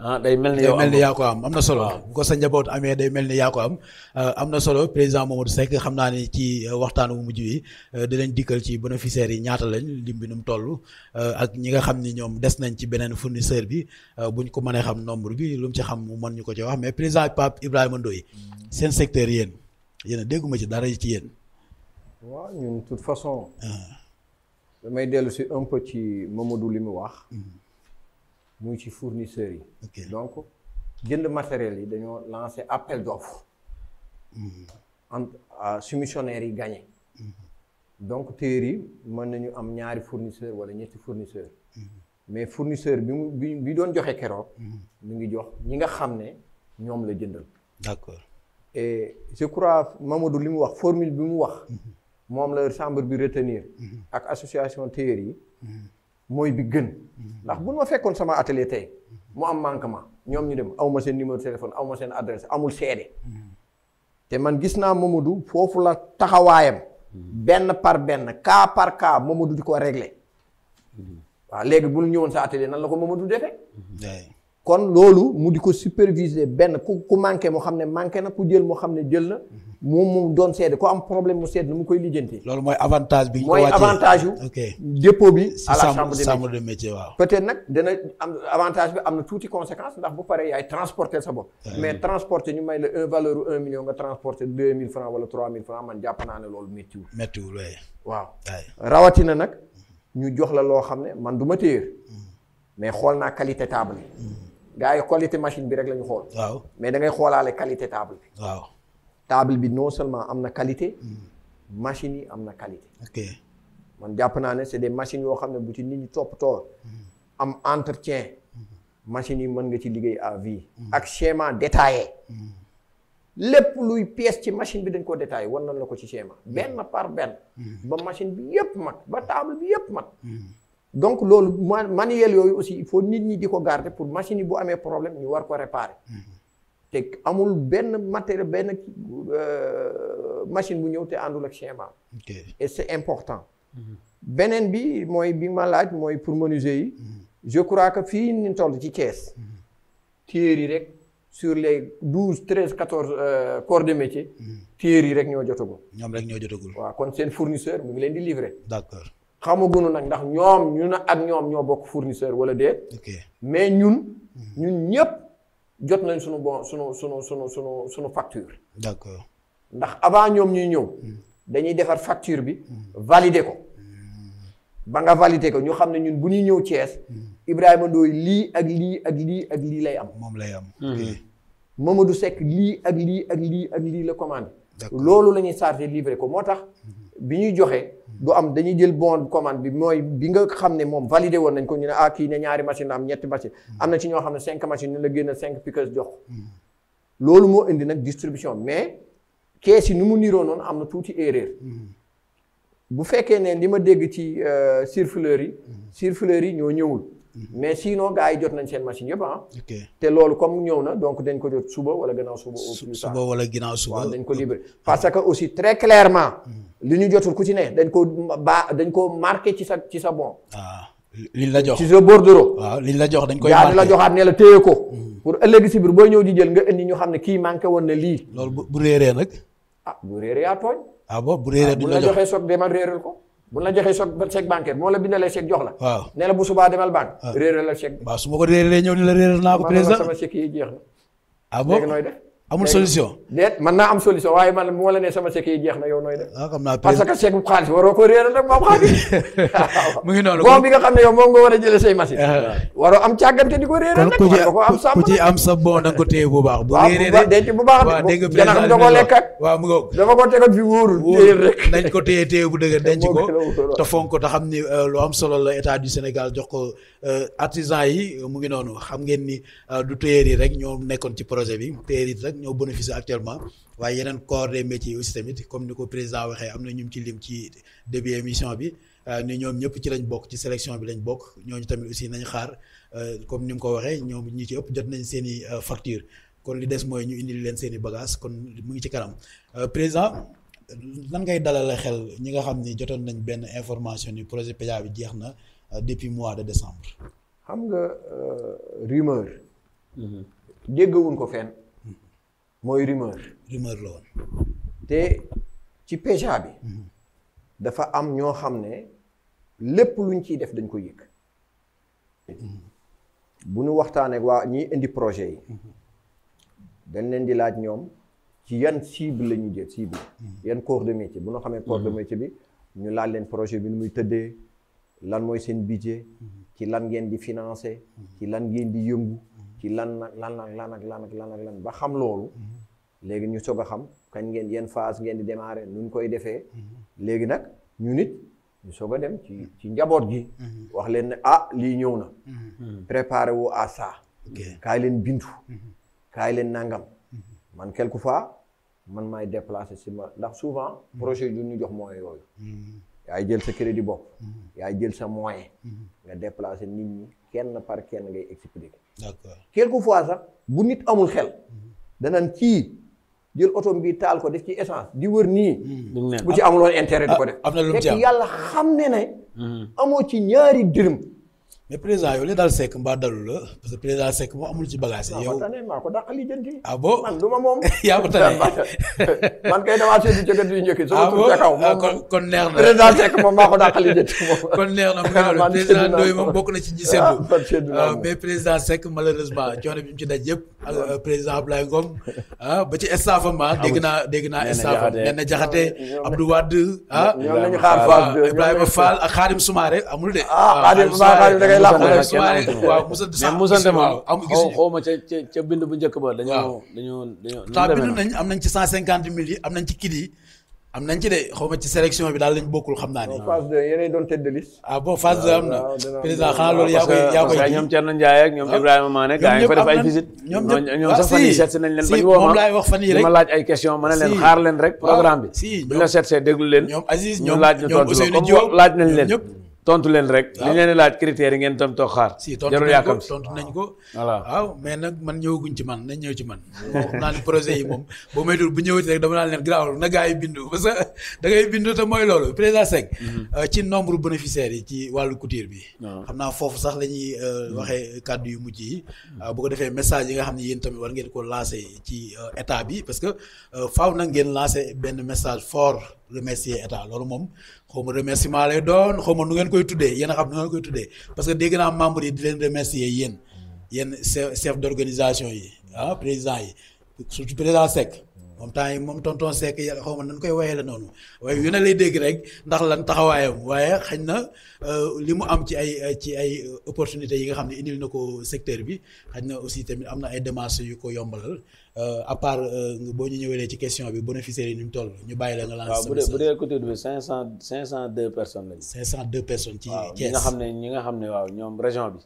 ah day mel ni yow yaa ko am am na solo bu ko sa njaboot amee day mel ni yaa ko am ah, am na solo président Mamadou Seck xam naa ni ci ah, waxtaan wu mujj yi ah, dinañ dikkal ci bénéficiaires yi ñaata lañ lim bi nu mu toll ak ñi nga xam ni ñoom des nañ ci beneen fournisseur bi buñ ko mënee xam nombre bi lu ci xam mu mën ñu ko ci wax mais président Pape Ibrahima Ndoye seen secteur yéen yéen a dégguma ci dara ci yéen. waaw ñun de façon. damay dellu si un ci Mamadou li mu wax. Mm-hmm. muy ci fournisseurs yi. Okay. donc jënd matériel yi dañoo lancé appel d'offre. Mm-hmm. entre euh, soumissionnaires yi gagné. Mm-hmm. donc téer yi mën nañu am ñaari fournisseur wala ñetti fournisseur mm-hmm. mais fournisseur bi mu bi bi doon joxe keroog. mu ngi jox ñi nga xam ne ñoom la jëndal. d'accord et je crois Mamadou li mu wax formule bi mu wax. moom la sembre bi retenir. ak association téer yi. mooy bi gën mm-hmm. ndax bu ma fekkoon sama atelier tey mu am manquement ñoom ñu dem aw ma seen numéro téléphone aw ma seen adresse amul seede mm-hmm. te man gis naa Mamadou foofu la taxawaayam mm-hmm. benn par benn cas par cas du di ko régler waaw léegi bu ñu ñëwoon sa atelier nan la ko Mamadou defee kon loolu mu di ko superviser benn ku ku manqué moo xam ne manqué nag ku jël moo xam ne jël na moom moom doon seede ku am problème mu seede na mu koy lijjanti. loolu mooy avantage bi. mooy avantage yu. bi. à la chambre de chambre de métier nag dana am avantage bi am na tuuti conséquence ndax bu paree yaay transporter sa bopp. mais transporter ñu may la un valeur u un million nga transporter deux mille francs wala trois mille francs man jàpp naa ne loolu méttiwul. méttiwul waaye. waaw rawatina nag ñu jox la loo xam ne man du ma mm. mais xool naa qualité table. gars yi qualité machine bi rek lañu xool. waaw mais da ngay xoolaale qualité table bi. waaw table bi non seulement am na qualité. Hmm. machine yi am na qualité. ok man jàpp naa ne c'est des machines yoo xam ne bu ci nit ñi toppatoo. Hmm. am entretien. Hmm. machines yi mën nga ci liggéey à vie. ak schéma détaillé. lépp luy pièce ci machine bi dañ koo détaillé war nañ la ko ci schéma benn par benn. ba machine bi yépp mat ba table bi yépp mat. donc loolu manuel yooyu aussi il faut nit ñi di ko garder pour machine yi bu amee problème ñu war ko réparer. Mhm. teg amul benn matériel benn euh, machine bu ñëw te àndul ak schéma. et c' est important. Mhm. beneen bi mooy bi malaaj mooy pour menuisier yi. Mhm. je crois que fii ñu toll ci Thiès. téer yi rek sur les douze treize quatorze euh, corps de métier. téer yi rek ñoo jotagul. ñoom rek ñoo jotagul. waa kon seen fournisseur mu ngi leen di livrer. d' accord. gunu nag ndax ñoom ñu ne ak ñoom ñoo bokk fournisseur wala de mais ñun. Hmm. ñun ñëpp jot nañ suñu bon suñu suñu suñu suñu suñu facture. d'accord ndax avant ñoom ñuy ñëw. Hmm. dañuy defar facture bi. Hmm. valider ko. ba nga valider ko ñu xam ne ñun bu ñuy ñëw cees Ibrahima Ndoye lii ak lii ak lii ak lii lay am. moom lay am. Mamadou Seck lii ak lii ak lii ak lii la commande. loolu la ñuy chargé livré ko moo tax. bi ñuy joxe du am dañuy jël bon commande bi mooy bi nga xam ne moom validé woon nañ ko ñu ne ah kii ne ñaari machine am ñetti machine am na ci ñoo xam ne cinq machines ñu la génn cinq piqueuses jox loolu moo indi nag distribution mais kees yi nu mu niroo noonu am na tuuti erreur bu fekkee ne li ma dégg ci euh, surfleurs yi mm-hmm. surfleurs yi ñoo ñëwul Mhm. mais sinon gars yi jot nañ seen machine yëpp ah. te loolu comme ñëw na donc dañ ko jot suba wala gannaaw suba. au plus suba wala gannaaw suba. dañ ko libéré ah. parce que aussi très clairement. Mhm. li ñu jotul ku si ne dañ ko baa dañ ko marqué ci sa ci sa bon. ah liñ la jox ci sa bordereau. waaw ah, liñ la jox dañ koy marqué yaa la joxaat ne la téye ko. Mhm. pour ëllëg si biir ñëw di jël nga indi ñu xam ne kii manqué woon na lii. loolu bu bu réeree nag. ah bu réeree yaa tooñ. ah bon bu réeree ah, duñ la jox bu la joxee ko. bu la joxee so bancaire moo la bindalee chèque jox la. waaw ne la bu subaa demal banque. réeral la chèque bi. waaw su ma ko réeralee ñëw ni la réeral naa ko président sama chèque yi jeex na. a ah bon léegi def. amul solution déet mën naa am solution waaye man moo la ne sama chèque yi jeex na yow nooy def. ah xam naa parce que chèque bu xaalis waroo ko réeral rek moom xaalis. *laughs* mu ngi noonu bon bi nga xam ne yow moom nga war a jëlee say machine. Ah. waroo am càggante di ko réeral rek. war ko am sàmm ku am sa bon da nga ko bu baax. bu réeree rek denc bu baax waaw dégg nga da ko lekk ak. waaw mu ngoog dafa ko tegoon fi wóorul. téyel rek bu dëgg denc ko te fonk ko xam ni euh, lu am solo la état du Sénégal jox ko euh, artisan yi mu ngi noonu xam ngeen ni euh, du téyeer yi rek ñoo nekkoon ci projet bi téyeer yi rek ñoo bénéficié actuellement waaye yeneen corps des métiers aussi tamit comme ni ko président waxee am na ñu ci lim ci début émission bi euh, ni ñoom ñëpp ci lañ bokk ci sélection bi lañ bokk ñooñu tamit aussi nañ xaar euh, comme ni mu ko waxee ñoom ñu ci ëpp jot nañ seeni i euh, facture kon li des mooy ñu indil leen seeni i bagage kon mu ngi ci kanam président lan ngay dalal xel ñi nga xam ni jotoon nañ benn information ni projet PEJA bi jeex na depuis mois de décembre. xam nga rumeur. déggawuñ mm-hmm. ko mooy rumeur. rumeur la woon. te ci PGA bi. dafa am ñoo xam ne lépp luñ ciy def dañ ko yëg. bu ñu waxtaanee waa ñii indi projet yi. dañ leen di laaj ñoom ci yan cible la ñuy jël cible. yan corps de métier bu ñu xamee corps de mm-hmm. métier bi ñu laaj leen projet bi nu muy tëddee lan mooy seen budget. ci lan ngeen di financer. ci lan ngeen di yëngu. ci lan nag lan nag lan ak lan ak lan ak lan ba xam loolu léegi ñu soog a xam kañ ngeen yenn phase ngeen di démarrer nuñ koy defee léegi nag ñu nit ñu soog a dem ci ci njaboot gi wax leen ne ah lii ñëw na préparé wu à ça kaay leen bintu kaay leen nangam man quelque fois man may déplacé si ma ndax souvent projet du ñu jox moyen yooyu yaay jël sa crédit bopp yaay jël sa moyen nga déplacé nit ñi kenn par kenn ngay expliquer d'accord quelquefois sax bu nit amul xel. Mm-hmm. danaan kii jël oto bi taal ko def ci essence di wër nii. Mm-hmm. bu ci amuloon intérêt di ko ah, def. am na lu ci yàlla xam ne ne. Mm-hmm. amoo ci ñaari dërëm. mais président yow li daal Seck mbaa dalu la parce que président Seck moom amul ci bagage yow maa ko ah moom *laughs* yaa *laughs* man kay damaa seetlu jëkkër yu njëkk sama ah tur ca ah, neex na président Seck moom maa ko dàq li jënti *laughs* président Ndoye moom bokk na ci ñi seetlu mais président Seck malheureusement coono bi mu ci daj yëpp euh, président Abdoulaye Ngom ba ci estafam ma dégg naa dégg naa estafam Nene Diakhaté Abdou Wade ah ñoom lañu xaar Fall Ibrahima Fall ak Khadim Soumaré amul de day moom xaw ma bu njëkk ba dañoo dañoo dañoo temps bind nañ am nañ ci cent bi daal lañ bokkul xam ah na président xanaa loolu yaa koy yaa koy laaj ay question ma leen xaar leen rek ah, programme bi si seet see déglu leen ñoom laaj ñu tontu laaj nañ leen tontu leen rek. li leen laaj critères yi ngeen tam toog xaar. si tontu nañ ko voilà waaw mais nag man ñëwaguñ ci man nañ ñëw ci man. wax naa ne projet yi moom boo may dul bu ñëwee rek dama naan leen garaawal na gaa yi bindu parce que da ngay bindu te mooy loolu président Seck. Mhm. Euh, ci nombre bénéficiaires yi ci wàllu couture bi. xam naa foofu sax la ñuy euh, mhm. waxee kàddu yu mujj yi. Euh, bu ko defee message yi nga xam ne yéen tamit war ngeen ko lancer ci état bi parce que faaw na ngeen lancer benn message fort. remercier état loolu moom xaw ma remerciement lay doon xaw ma nu ngeen koy tuddee yéen a xam nu ngeen koy tuddee parce que dégg naa membre yi di leen remercier yéen yéen chef chef d' organisation yi ah président yi surtout président Seck moom temps yi moom tonton Seck ya xaw ma nan koy wayee la noonu waaye yu ne lay dégg rek ndax lan taxawaayam waaye xaj na euh, li mu am ci ay euh, ci ay euh, opportunités yi nga xam ne indil na ko secteur bi xañ na aussi tamit am na ay démarches yu ko yombalal à part boo ñu ñëwalee ci question bi bénéficiaires yi ni mu toll ñu bàyyi la nga lancé. waaw bi cinq cent cinq cent deux personnes lañu. cinq cent deux personnes. ci Thiès ñi nga xam ne ñi nga xam ne waaw ñoom région bi.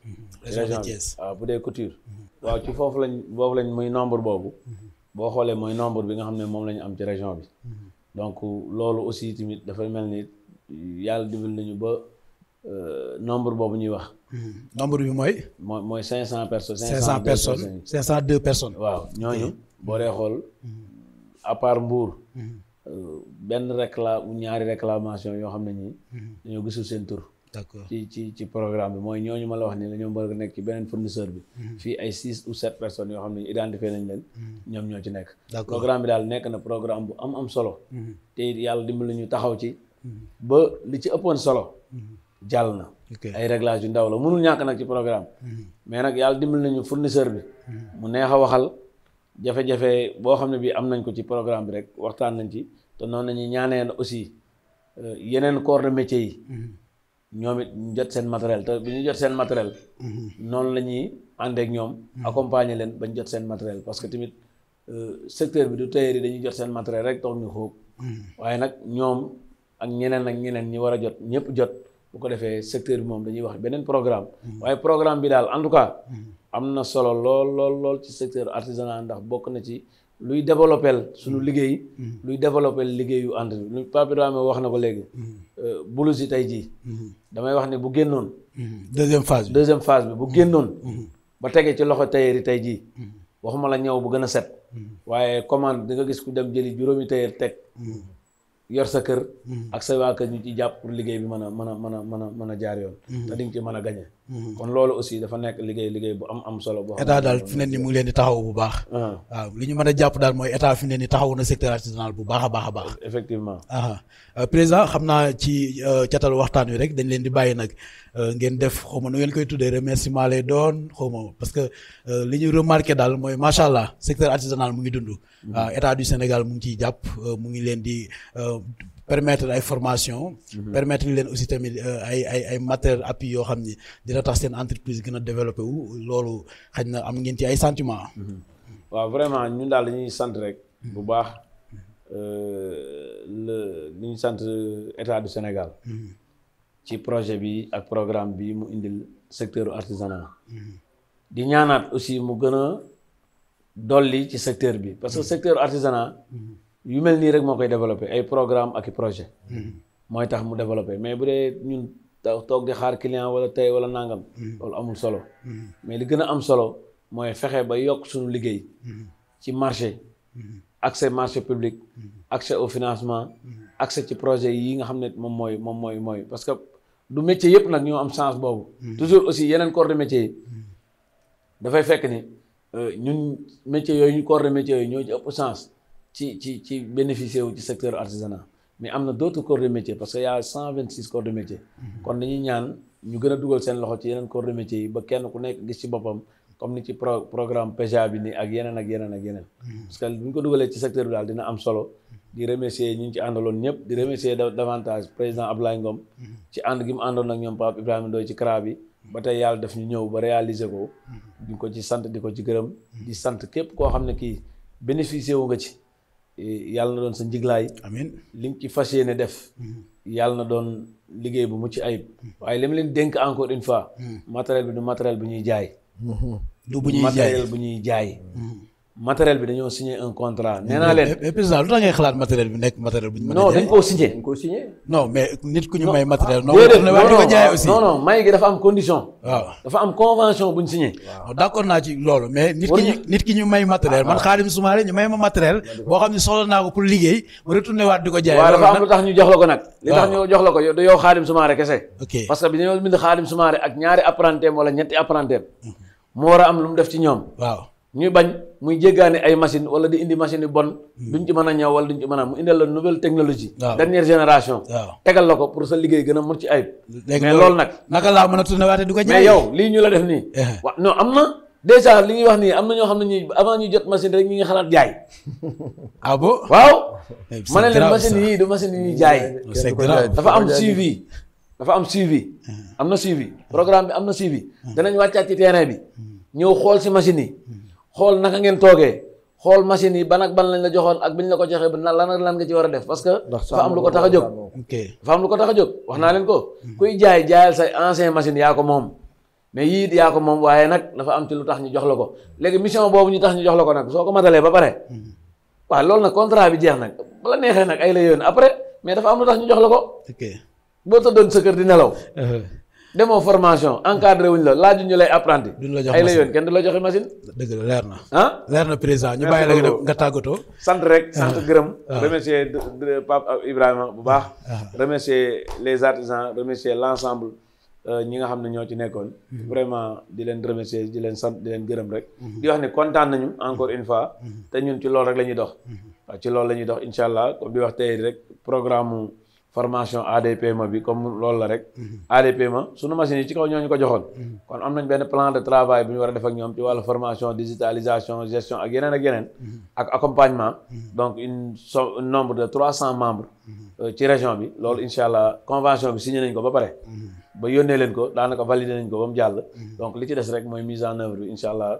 région de Thiès région bi waaw bu dee couture. Mm-hmm. waaw ci foofu lañ foofu lañ muy nombre boobu. Mm-hmm. boo xoolee mooy nombre bi nga xam ne moom la ñu am ci région bi donc loolu aussi tamit dafay mel ni yàlla dimbali nañu ba euh, nombre boobu ñuy wax. Hmm. nombre bi mooy. mooy mooy cinq cent personnes. cinq cent personnes cinq cent deux personnes. waaw ñooñu hmm. boo dee xool hmm. à part Mbour. Euh, benn réclame ñaari réclamation yoo xam ne ñi dañoo gisul seen tur. d'accord ci ci ci programme bi mooy ñu ma la wax ni la ñoom bëgg nekk ci beneen fournisseur bi mhm. fii ay six ou sept personnes yoo xam ne identifié nañ leen mhm. ñoom ñoo ci nekk programme bi daal nekk na programme bu am am solo mhm. te yàlla dimbali ñu taxaw ci ba li ci ëppoon solo jàll na ay réglage yu ndaw la mënul ñàkk nag ci programme mais nag yàlla dimbali nañu fournisseur bi mu neex a waxal jafe-jafe boo xam ne bii am nañ ko ci programme bi rek waxtaan nañ ci te noonu nañu ñaaneen aussi euh, yeneen corps de yi ñoom it ñu jot seen matériel te bi ñu jot seen matériel mm-hmm. noonu la ñuy ànd ak ñoom mm-hmm. accompagner leen ba ñu jot seen matériel parce que tamit euh, secteur bi du tailleur yi dañuy jot seen matériel rek tax ñu xóob mm-hmm. waaye nag ñoom ak ñeneen ak ñeneen ñi war a jot ñëpp jot bu ko defee secteur bi moom dañuy wax beneen programme waaye programme bi daal en tout cas am na solo lool lool lool ci secteur artisanat ndax bokk na ci luy développé suñu mm. liggéey. Mm. luy développé liggéeyu ànd bi lu Pape Ibrahima wax na ko léegi. Mm. Euh, bulus yi tey jii. damay wax ne bu génnoon. deuxième phase bi deuxième phase bi bu génnoon. ba tegee ci loxo tailleur yi tey jii. waxuma la ñaw bu gën a set. waaye commande di nga gis ku dem jëli juróomi tailleur teg. yor sa kër. ak sa waa kër ñu ci jàpp pour liggéey bi mën a mën a mën a mën a mën a jaar yoon. te di nga mën a gañe Mhm. kon loolu aussi dafa nekk liggéey liggéey bu am am solo. boo état daal fi ne nii mu ngi leen di taxaw bu baax. Ah. waaw li ñu mën a jàpp daal mooy état fi mu ne nii taxaw na secteur artisanal bu baax a baax a baax. Ah, euh, président xam naa ci euh, catal waxtaan wi rek dañ leen di bàyyi nag euh, ngeen def xaw ma nu ngeen koy tuddee remerciement lay doon xaw ma parce que li ñu remarqué daal mooy macha allah secteur artisanal mu ngi dund. Mhm. Ah, état du Sénégal mu ngi ciy jàpp mu ngi leen di. permettre ay formation permettre leen aussi tamit euh, ay ay ay matériel yoo xam ni dina tax seen entreprise gën a développé wu loolu xaj na am ngeen ci ay sentiment waaw vraiment ñun daal dañuy sant rek bu baax euh, le li ñu sant état du Sénégal ci projet bi ak programme bi mu indi secteur artisanat di ñaanaat aussi mu gën a dolli ci secteur bi parce que secteur artisanat yu mel nii rek moo koy développé ay programme ak i projet mm-hmm. mooy tax mu développé mais bu dee ñun toog di xaar client wala tey wala nangam mm-hmm. loolu amul solo mm-hmm. mais li gën a am solo mooy fexe ba yokk suñu liggéey ci marché accès marché public accès au financement accès ci projet yi nga xam ne moom mooy moom mooy mooy parce que du métier yëpp nag ñoo am chance boobu toujours aussi yeneen corps de métier yi dafay fekk ni euh, ñun métier yooyu ñu corps de métier yooyu ñoo ci ëpp ci ci ci bénéficier wu ci secteur artisanat mais am na d'autres corps de métier parce que y a cent vingt six corps de métier mhm. kon dañuy ñaan ñu gën a dugal seen loxo ci yeneen corps de métier yi ba kenn ku nekk gis ci boppam comme ni ci pro programme PEJA bi ni ak yeneen ak yeneen ak yeneen mhm. parce bu ñu ko dugalee ci secteur bi daal dina am solo di remercier ñi ñu ci àndaloon ñëpp di remercier davantage président Abdoulaye Ngom mhm. ci ànd gi mu àndoon ak ñoom Pape Ibrahima Ndoye ci CRA bi ba tey daf ñu ñëw ba réaliser ko di ko sant di ko ci gërëm di sant képp koo xam ne kii bénéficier wu nga ci yàlla na doon sa njiglaay amiin lim ci fas yéene def yàlla na doon liggéey bu mucc ayib waaye li mu leen dénk encore une fois hmm. matériel bi du matériel bu ñuy jaay du bu ñuy jaay hmm. matériel bi dañoo signé un contrat. nee naa leen mais président lu tax ngay xalaat matériel bi nekk matériel bu ñu a. non dañ koo signé dañ matériel. Ah, bu ñu naa ci loolu mais. nit ki ñu nit ki ñu may matériel man ah. Khadim Soumaré ñu may matériel. boo xam ne soxla naa ko pour liggéey. mu retourné waat di ko jaay. waaw dafa am lu tax ñu jox la ko nag. li tax ñu jox ko yow yow Khadim Soumaré kese. ok parce que bi dañoo bind Khadim Soumaré ak ñaari apprenté wala ñetti apprenté mhm. moo war a am lu mu def ci ñoom waaw ñuy bañ muy jéggaani ay machine wala di indi machine yu bon duñ ci mën a ñëw wala duñ ci mën a mu indil la nouvelle technologie dernière génération tegal la ko pour sa liggéey gën a mun ci ayib mais loolu nag naka laa mën a tourné du ko yow lii ñu la def nii eh. waaw non am na déjà li ñuy wax nii am na ñoo xam ne ñi avant ñu jot machine rek ñu ngi xalaat jaay *laughs* ah bon waaw eh, ma ne leen machine yii du machine yi ñuy jaay dafa am suivi dafa am suivi am na suivi programme bi am na suivi eh. danañu wàccaat ci terrain bi hmm. ñëw xool si machine yi hmm. xool naka ngeen toogee xool machine yi ban ak ban lañ la joxoon ak biñ la ko joxee lan ak lan nga ci war a def parce que dafa am lu ko tax a jóg am lu ko tax a jóg wax naa leen ko kuy jaay jaayal say ancien machine yaa ko moom mais yii it yaa ko moom waaye nag dafa am ci lu tax ñu jox la ko léegi mission boobu ñu tax ñu jox la ko nag soo ko matalee ba pare mhm. waaw loolu nag contrat bi jeex nag bala neexee nag ay la yoon après mais dafa am lu tax ñu jox la ko boo tëddoon sa kër di nelaw uh-huh. demoo formation encadré wuñ la laaju ñu lay apprenti. duñ la jox la yoon kenn la joxe machine. dëgg la leer na. ah leer na président ñu bàyyi la nga nga tàggatoo. sant rek ah. sant gërëm. Ah. remercier Pape Ibrahima bu baax. Ah. remercier les artisans remercier l' ensemble euh, ñi nga xam ne ñoo ci nekkoon. Mm-hmm. vraiment di leen remercier di leen sant di leen gërëm rek. Mm-hmm. di wax ne kontaan nañu encore une fois. Mm-hmm. te ñun ci loolu rek la ñuy dox. waaw ci loolu la ñuy dox incha allah comme di wax tey rek programme formation ADPMA bi comme loolu la rek. Mhm. ADPMA sunu machine yi ci kaw ñooñu ko joxoon. Mhm. kon am nañ benn plan de travail bu ñu war a def ñoom ci wàllu formation digitalisation gestion ak yeneen ak yeneen. Mhm. ak accompagnement. donc une so nombre de trois cent membres. Euh, ci région bi loolu incha allah convention bi signé nañ ko ba pare. ba yónnee leen ko daanaka validé nañ ko ba mu jàll. donc li ci des rek mooy mise en œuvre bi incha allah.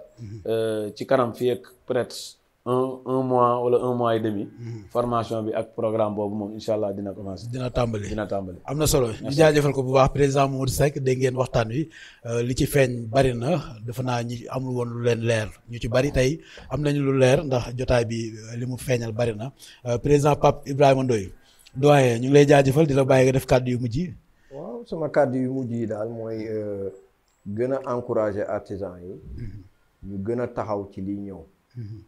Euh, ci kanam fii ak peut un mois wala un mois et demi. Mm-hmm. formation bi ak programme boobu moom incha allah dina commencé. dina tàmbali dina tàmbali. am na solo ñu jaajëfal ko bu baax président Mamadou Seck dégg ngeen waxtaan wi euh, li ci feeñ bari na defe naa ñi amul woon lu leen leer ñu ci bari tey am nañu lu leer ndax jotaay bi euh, li mu feeñal bari na euh, président Pape Ibrahima Ndoye doyen ñu ngi lay jaajëfal dina la bàyyi nga def kàddu yu mujj yi. waaw sama kàddu yu mujj yi daal mooy gën a encourager artisans yi. Mm-hmm. ñu gën a taxaw ci liy ñëw. Mm-hmm.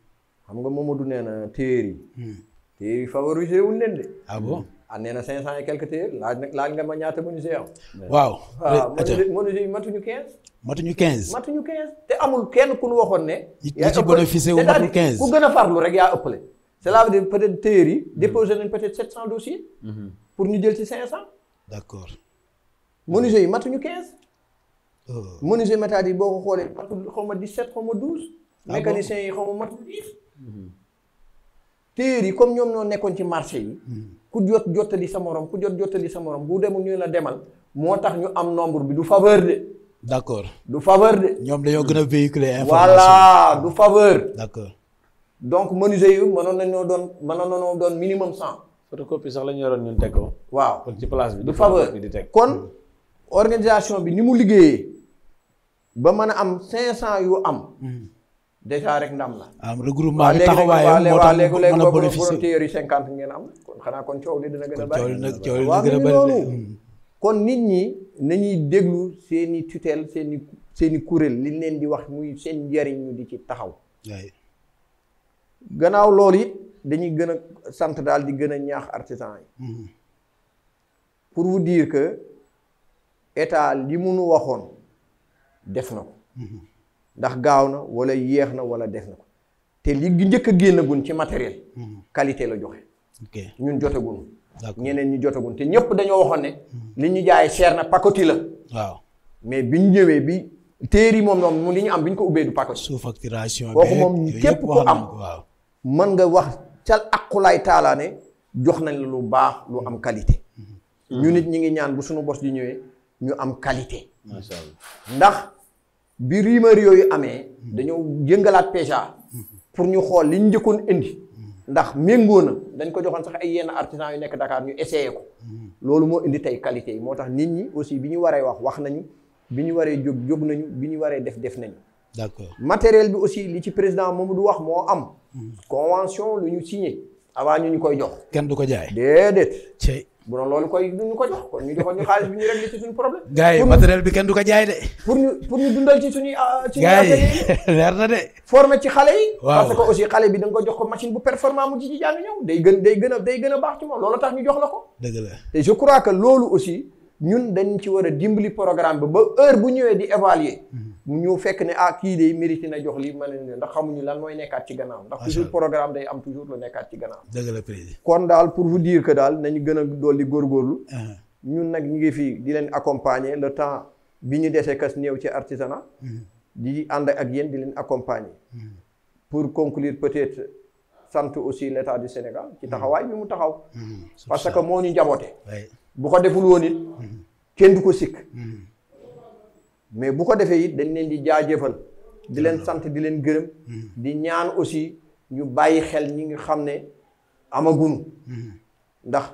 xam nga Momadou nee na téere yi. Hmm. téere yi favorisé wuñ leen de. ah bon hmm. ah nee na cinq cent et quelques téere laaj nag laaj nga ma ñaata menuisier am. waaw waaw ah, menuisier yi matuñu quinze. matuñu quinze. matuñu quinze te amul kenn ku ñu waxoon ne. yaa ci bénéficié wu matul quinze ku gën a farlu rek yaa ëppale. cela veut dire peut-être téere yi hmm. déposé nañ peut cent dossiers. pour ñu jël ci cinq cent. d'accord. menuisier yi matuñu quinze. Oh. menuisier métal boo ko xoolee matul xaw ma dix-sept ma douze. Ah mécanicien yi xaw ma Mhm. téer yi comme ñoom ñoo nekkoon ci marché yi. Mhm. ku jot jottali sa morom ku jot jottali sa moroom bu demul ñu la demal moo tax ñu am nombre bi du faveur de. d' accord du faveur de. ñoom dañoo gën a véhiculer information voilà du faveur. d' accord donc menuisier yu mënoon nañoo doon mënoon nañoo doon minimum cent. photocopie sax la ñu yoroon ñun teg ko. waaw kon ci place bi. du faveur kon mhm. organisation bi ni mu liggéeyee ba mën a am cinq cent yu am. déjà rek ndam la. am regroupement bi taxawaayam moo tax léegi léegi boobu borom téyeer cinquante ngeen am kon xanaa kon coow li dina gën a bari waaw mi kon nit ñi nañuy déglu seeni i tutelle seen i kuréel li leen di wax muy seen njariñ ñu di ci taxaw gannaaw loolu it dañuy gën a sant daal di gën a ñaax artisan yi hmm. pour vous diir que état li mu waxoon def na ko hmm. ndax gaaw na wala yéex na wala def na te li njëkk a génnagun ci matériel. Mhm. qualité la joxe. ñun jotagun. ñeneen ñu jotagun te ñëpp dañoo waxoon ne. Mhm. li ñu jaay cher na pakoti la. waaw mais bi ñu ñëwee bi. téer yi moom moom li ñu am bi ñu ko ubbee du pakoti. sous-facturation kooku moom képp ko am. man nga wax cal aqulaay taalaane jox nañ la lu baax lu am qualité. Mhm. ñu nit ñi ngi ñaan bu suñu bos di ñëwee ñu am qualité. macha ndax. bi rumeur yooyu amee dañoo yëngalaat PEJA pour ñu xool li ñu njëkkoon indi ndax méngoo na dañ ko joxoon sax ay yenn artisan yu nekk Dakar ñu essayé ko loolu moo indi tey qualité yi moo tax nit ñi aussi bi ñu waree wax wax nañu bi ñu waree jóg jóg nañu bi ñu waree def def nañu. d'accord matériel bi aussi li ci président moom du wax moo am. Hmm. convention lu ñu signé avant ñu ñu koy jox. kenn du ko jaay déedéet. bu doon loolu koy ñu ko jox kon ñu joxoon ñu xaalis bi ñu réglé ci suñu problème. gars yi bi kenn du ko jaay de. pour ñu pour ñu dundal ci suñuy. Ah, ci *laughs* leer na de. formé ci xale yi. waaw parce que aussi xale bi da ko jox ko machine bu performant mu ci ci jàng day gën day gën a gën a baax ci moom loolu tax ñu jox la ko. dëgg la te je crois que loolu aussi ñun dañu ci war a dimbali programme bi ba heure bu ñëwee di évaluer mhm. mu ñëw fekk ne ah kii day mérité na jox li lii ma leen ndax xamuñu lan mooy nekkaat ci gannaaw ndax toujours programme day am toujours lu nekkaat ci gannaaw dëgg la kon daal pour vous dire que daal nañu gën a dolli góorgóorlu uh-huh. ñun nag ñu ngi fii di leen accompagner le temps bi ñu desee kas néew ci artisanat uh-huh. di ànd ak yéen di leen accompagner uh-huh. pour conclure peut-être sant aussi l' état du Sénégal ci taxawaay bi mu taxaw parce que moo ñu njaboote bu ko deful woon it kenn du ko sikk mais bu ko defee it dañ leen di jëfal di leen sant di leen gërëm di ñaan aussi ñu bàyyi xel ñi ngi xam ne amagunu ndax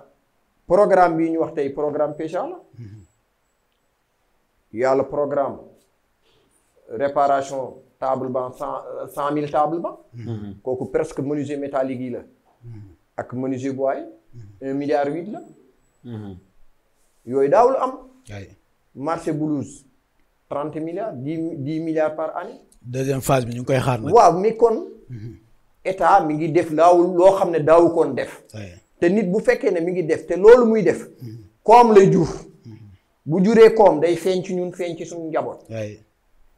programme bii ñu wax tey programme pécha yàlla programme réparation table banc cent cent mille table banc kooku presque menuisier métallique yi la ak menuisier bois un milliard huit la yooyu daawul am. marché blouse trente milliards di dix milliards par année. deuxième phase bi ñu ngi koy xaar nag. waaw mi kon. Mhm. état mi ngi def daawul loo xam ne daawu koon def. te nit bu fekkee ne mi ngi def te loolu muy def. koom lay jur. Mhm. bu juree koom day feeñ ci ñun feeñ ci suñu njaboot.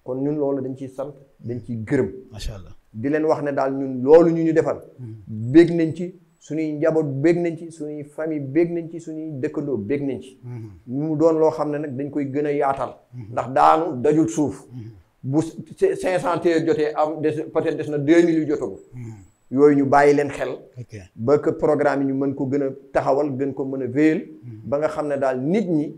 kon ñun loolu dañ ciy sant dañ ci gërëm. macha allah di leen wax ne daal ñun loolu ñu ñu defal. Mhm. bég nañ ci. suñuy njaboot bég nañ ci suñuy famille bég nañ ci suñuy dëkkandoo bég nañ ci mm-hmm. mu doon loo xam ne nag dañ koy gën a yaatal mm-hmm. ndax daanu dajul suuf mm-hmm. bu cinq cent te jotee am des peut-être des na deux mille yu jotagul yooyu ñu bàyyi leen xel ba que programme yi ñu mën ko gën a taxawal gën ko mën a wéyal ba nga xam ne daal nit ñi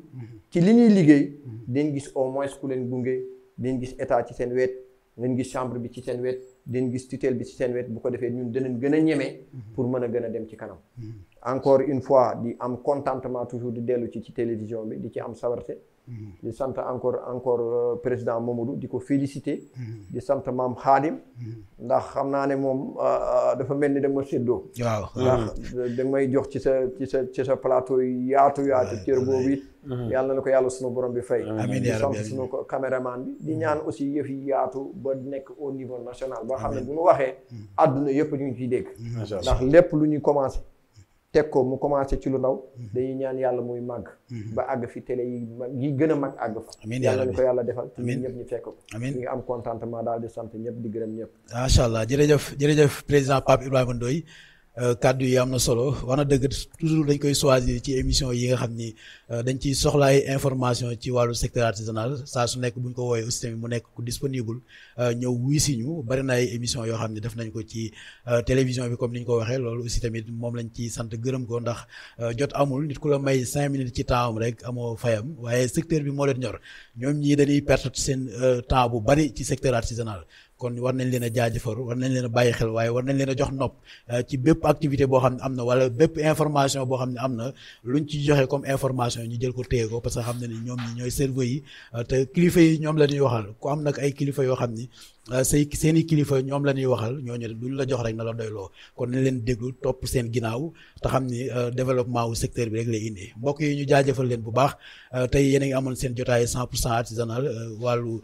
ci li ñuy liggéey dañ gis au moins ku leen gunge dañ gis état ci seen wet dañ gis chambre bi ci seen wet dañ gis tutelle bi ci seen wet bu ko defee ñun danañ gën a ñeme mhm. pour mën a gën a dem ci kanam mhm. encore une fois di am contentement toujours di dellu ci ci télévision bi di ci am sawarte Mm-hmm. di sant encore encore euh, président Mamadou di ko félicité. Mm-hmm. di sant maam Xaadim. Mm-hmm. ndax xam naa ne moom euh, euh, dafa mel ni dama séddoo. waaw ndax da may jox ci sa ci sa ci sa plateau yaatu yaatu. cër boobu it. yàlla na ko yàlla sunu borom bi fay. amiin di sant sunu caméraman bi. di ñaan aussi yëf yi yaatu ba nekk au niveau national. ba xam ne bu ñu waxee. àdduna yëpp ñu ngi ciy dégg. ndax lépp lu ñuy commencé. teg ko mu commencé ci lu ndaw mhm. dañuy ñaan yàlla muy màgg mhm. ba àgg fi télé yi yi gën a mag àgg fa yàlla ñu ko yàlla defal ci ñun ñëpp ñu fekk ko amiin ñu ngi am contentement daal di sant ñëpp di gërëm ñëpp macha allah jërëjëf jërëjëf président Pape Ibrahima Ndoye Euh, kàddu yi am na solo wax na dëgg toujours dañ koy choisir ci émission yi nga xam ni euh, dañ ciy soxlaay information ci wàllu secteur artisanal saa su nekk bu ñu ko woowee aussi tamit mu nekk ku disponible euh, ñëw wuy si ñu bari na ay yoo xam ne def nañ ko ci télévision bi comme ni ñu ko waxee loolu aussi tamit moom lañ ci sant gërëm ko ndax jot amul nit ku la may cinq minutes ci temps rek amoo fayam waaye secteur bi moo leen ñor ñoom ñii dañuy perte seen temps bu bari ci secteur artisanal kon war nañ leen a jaajëfal war nañ leen a bàyyi xel waaye war nañ leen a jox nopp euh, ci bépp activité boo xam ne am na wala bépp information boo xam ne am na luñ ci joxe comme information ñu jël ko téye ko parce que xam ne ni ñoom ñi ñooy cerveau yi euh, te kilifa yi ñoom la ñuy waxal ku am nag ay kilifa yoo xam ni Euh, say seen kilifa ñoom la ñuy waxal ñooñu duñ la jox rek na la doyloo kon nañ leen déglu topp seen ginnaaw te xam ni euh, développement wu secteur bi rek lay indi mbokk yi ñu jaajëfal leen bu baax euh, tey yéen a ngi amoon seen jotaay 100 pour cent artisanal wàllu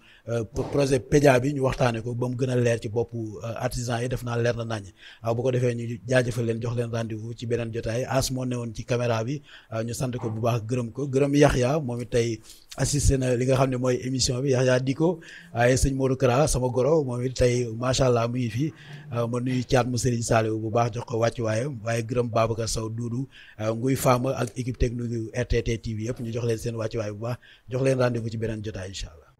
projet PEJA bi ñu waxtaanee ko ba mu gën a leer ci boppu artisan yi def naa leer na nañ bu ko defee ñu jaajëfal leen jox leen rendez-vous ci beneen jotaay as moo woon ci caméra bi ñu sant ko bu baax gërëm ko gërëm Yaxya moom it tey assisté na li nga xam ne mooy émission bi Yahya diko waaye sëñ Modou Kara sama goro moom it tey macha allah mu ngi fi euh, ma nuyu caat mu Serigne Saliou bu baax jox ko wàccuwaayam waaye gërëm Babacar Sow Doudou euh, nguy Fama ak équipe technique RTT TV yëpp ñu jox leen seen wàccuwaay bu baax jox leen rendez-vous ci beneen jotaay incha allah.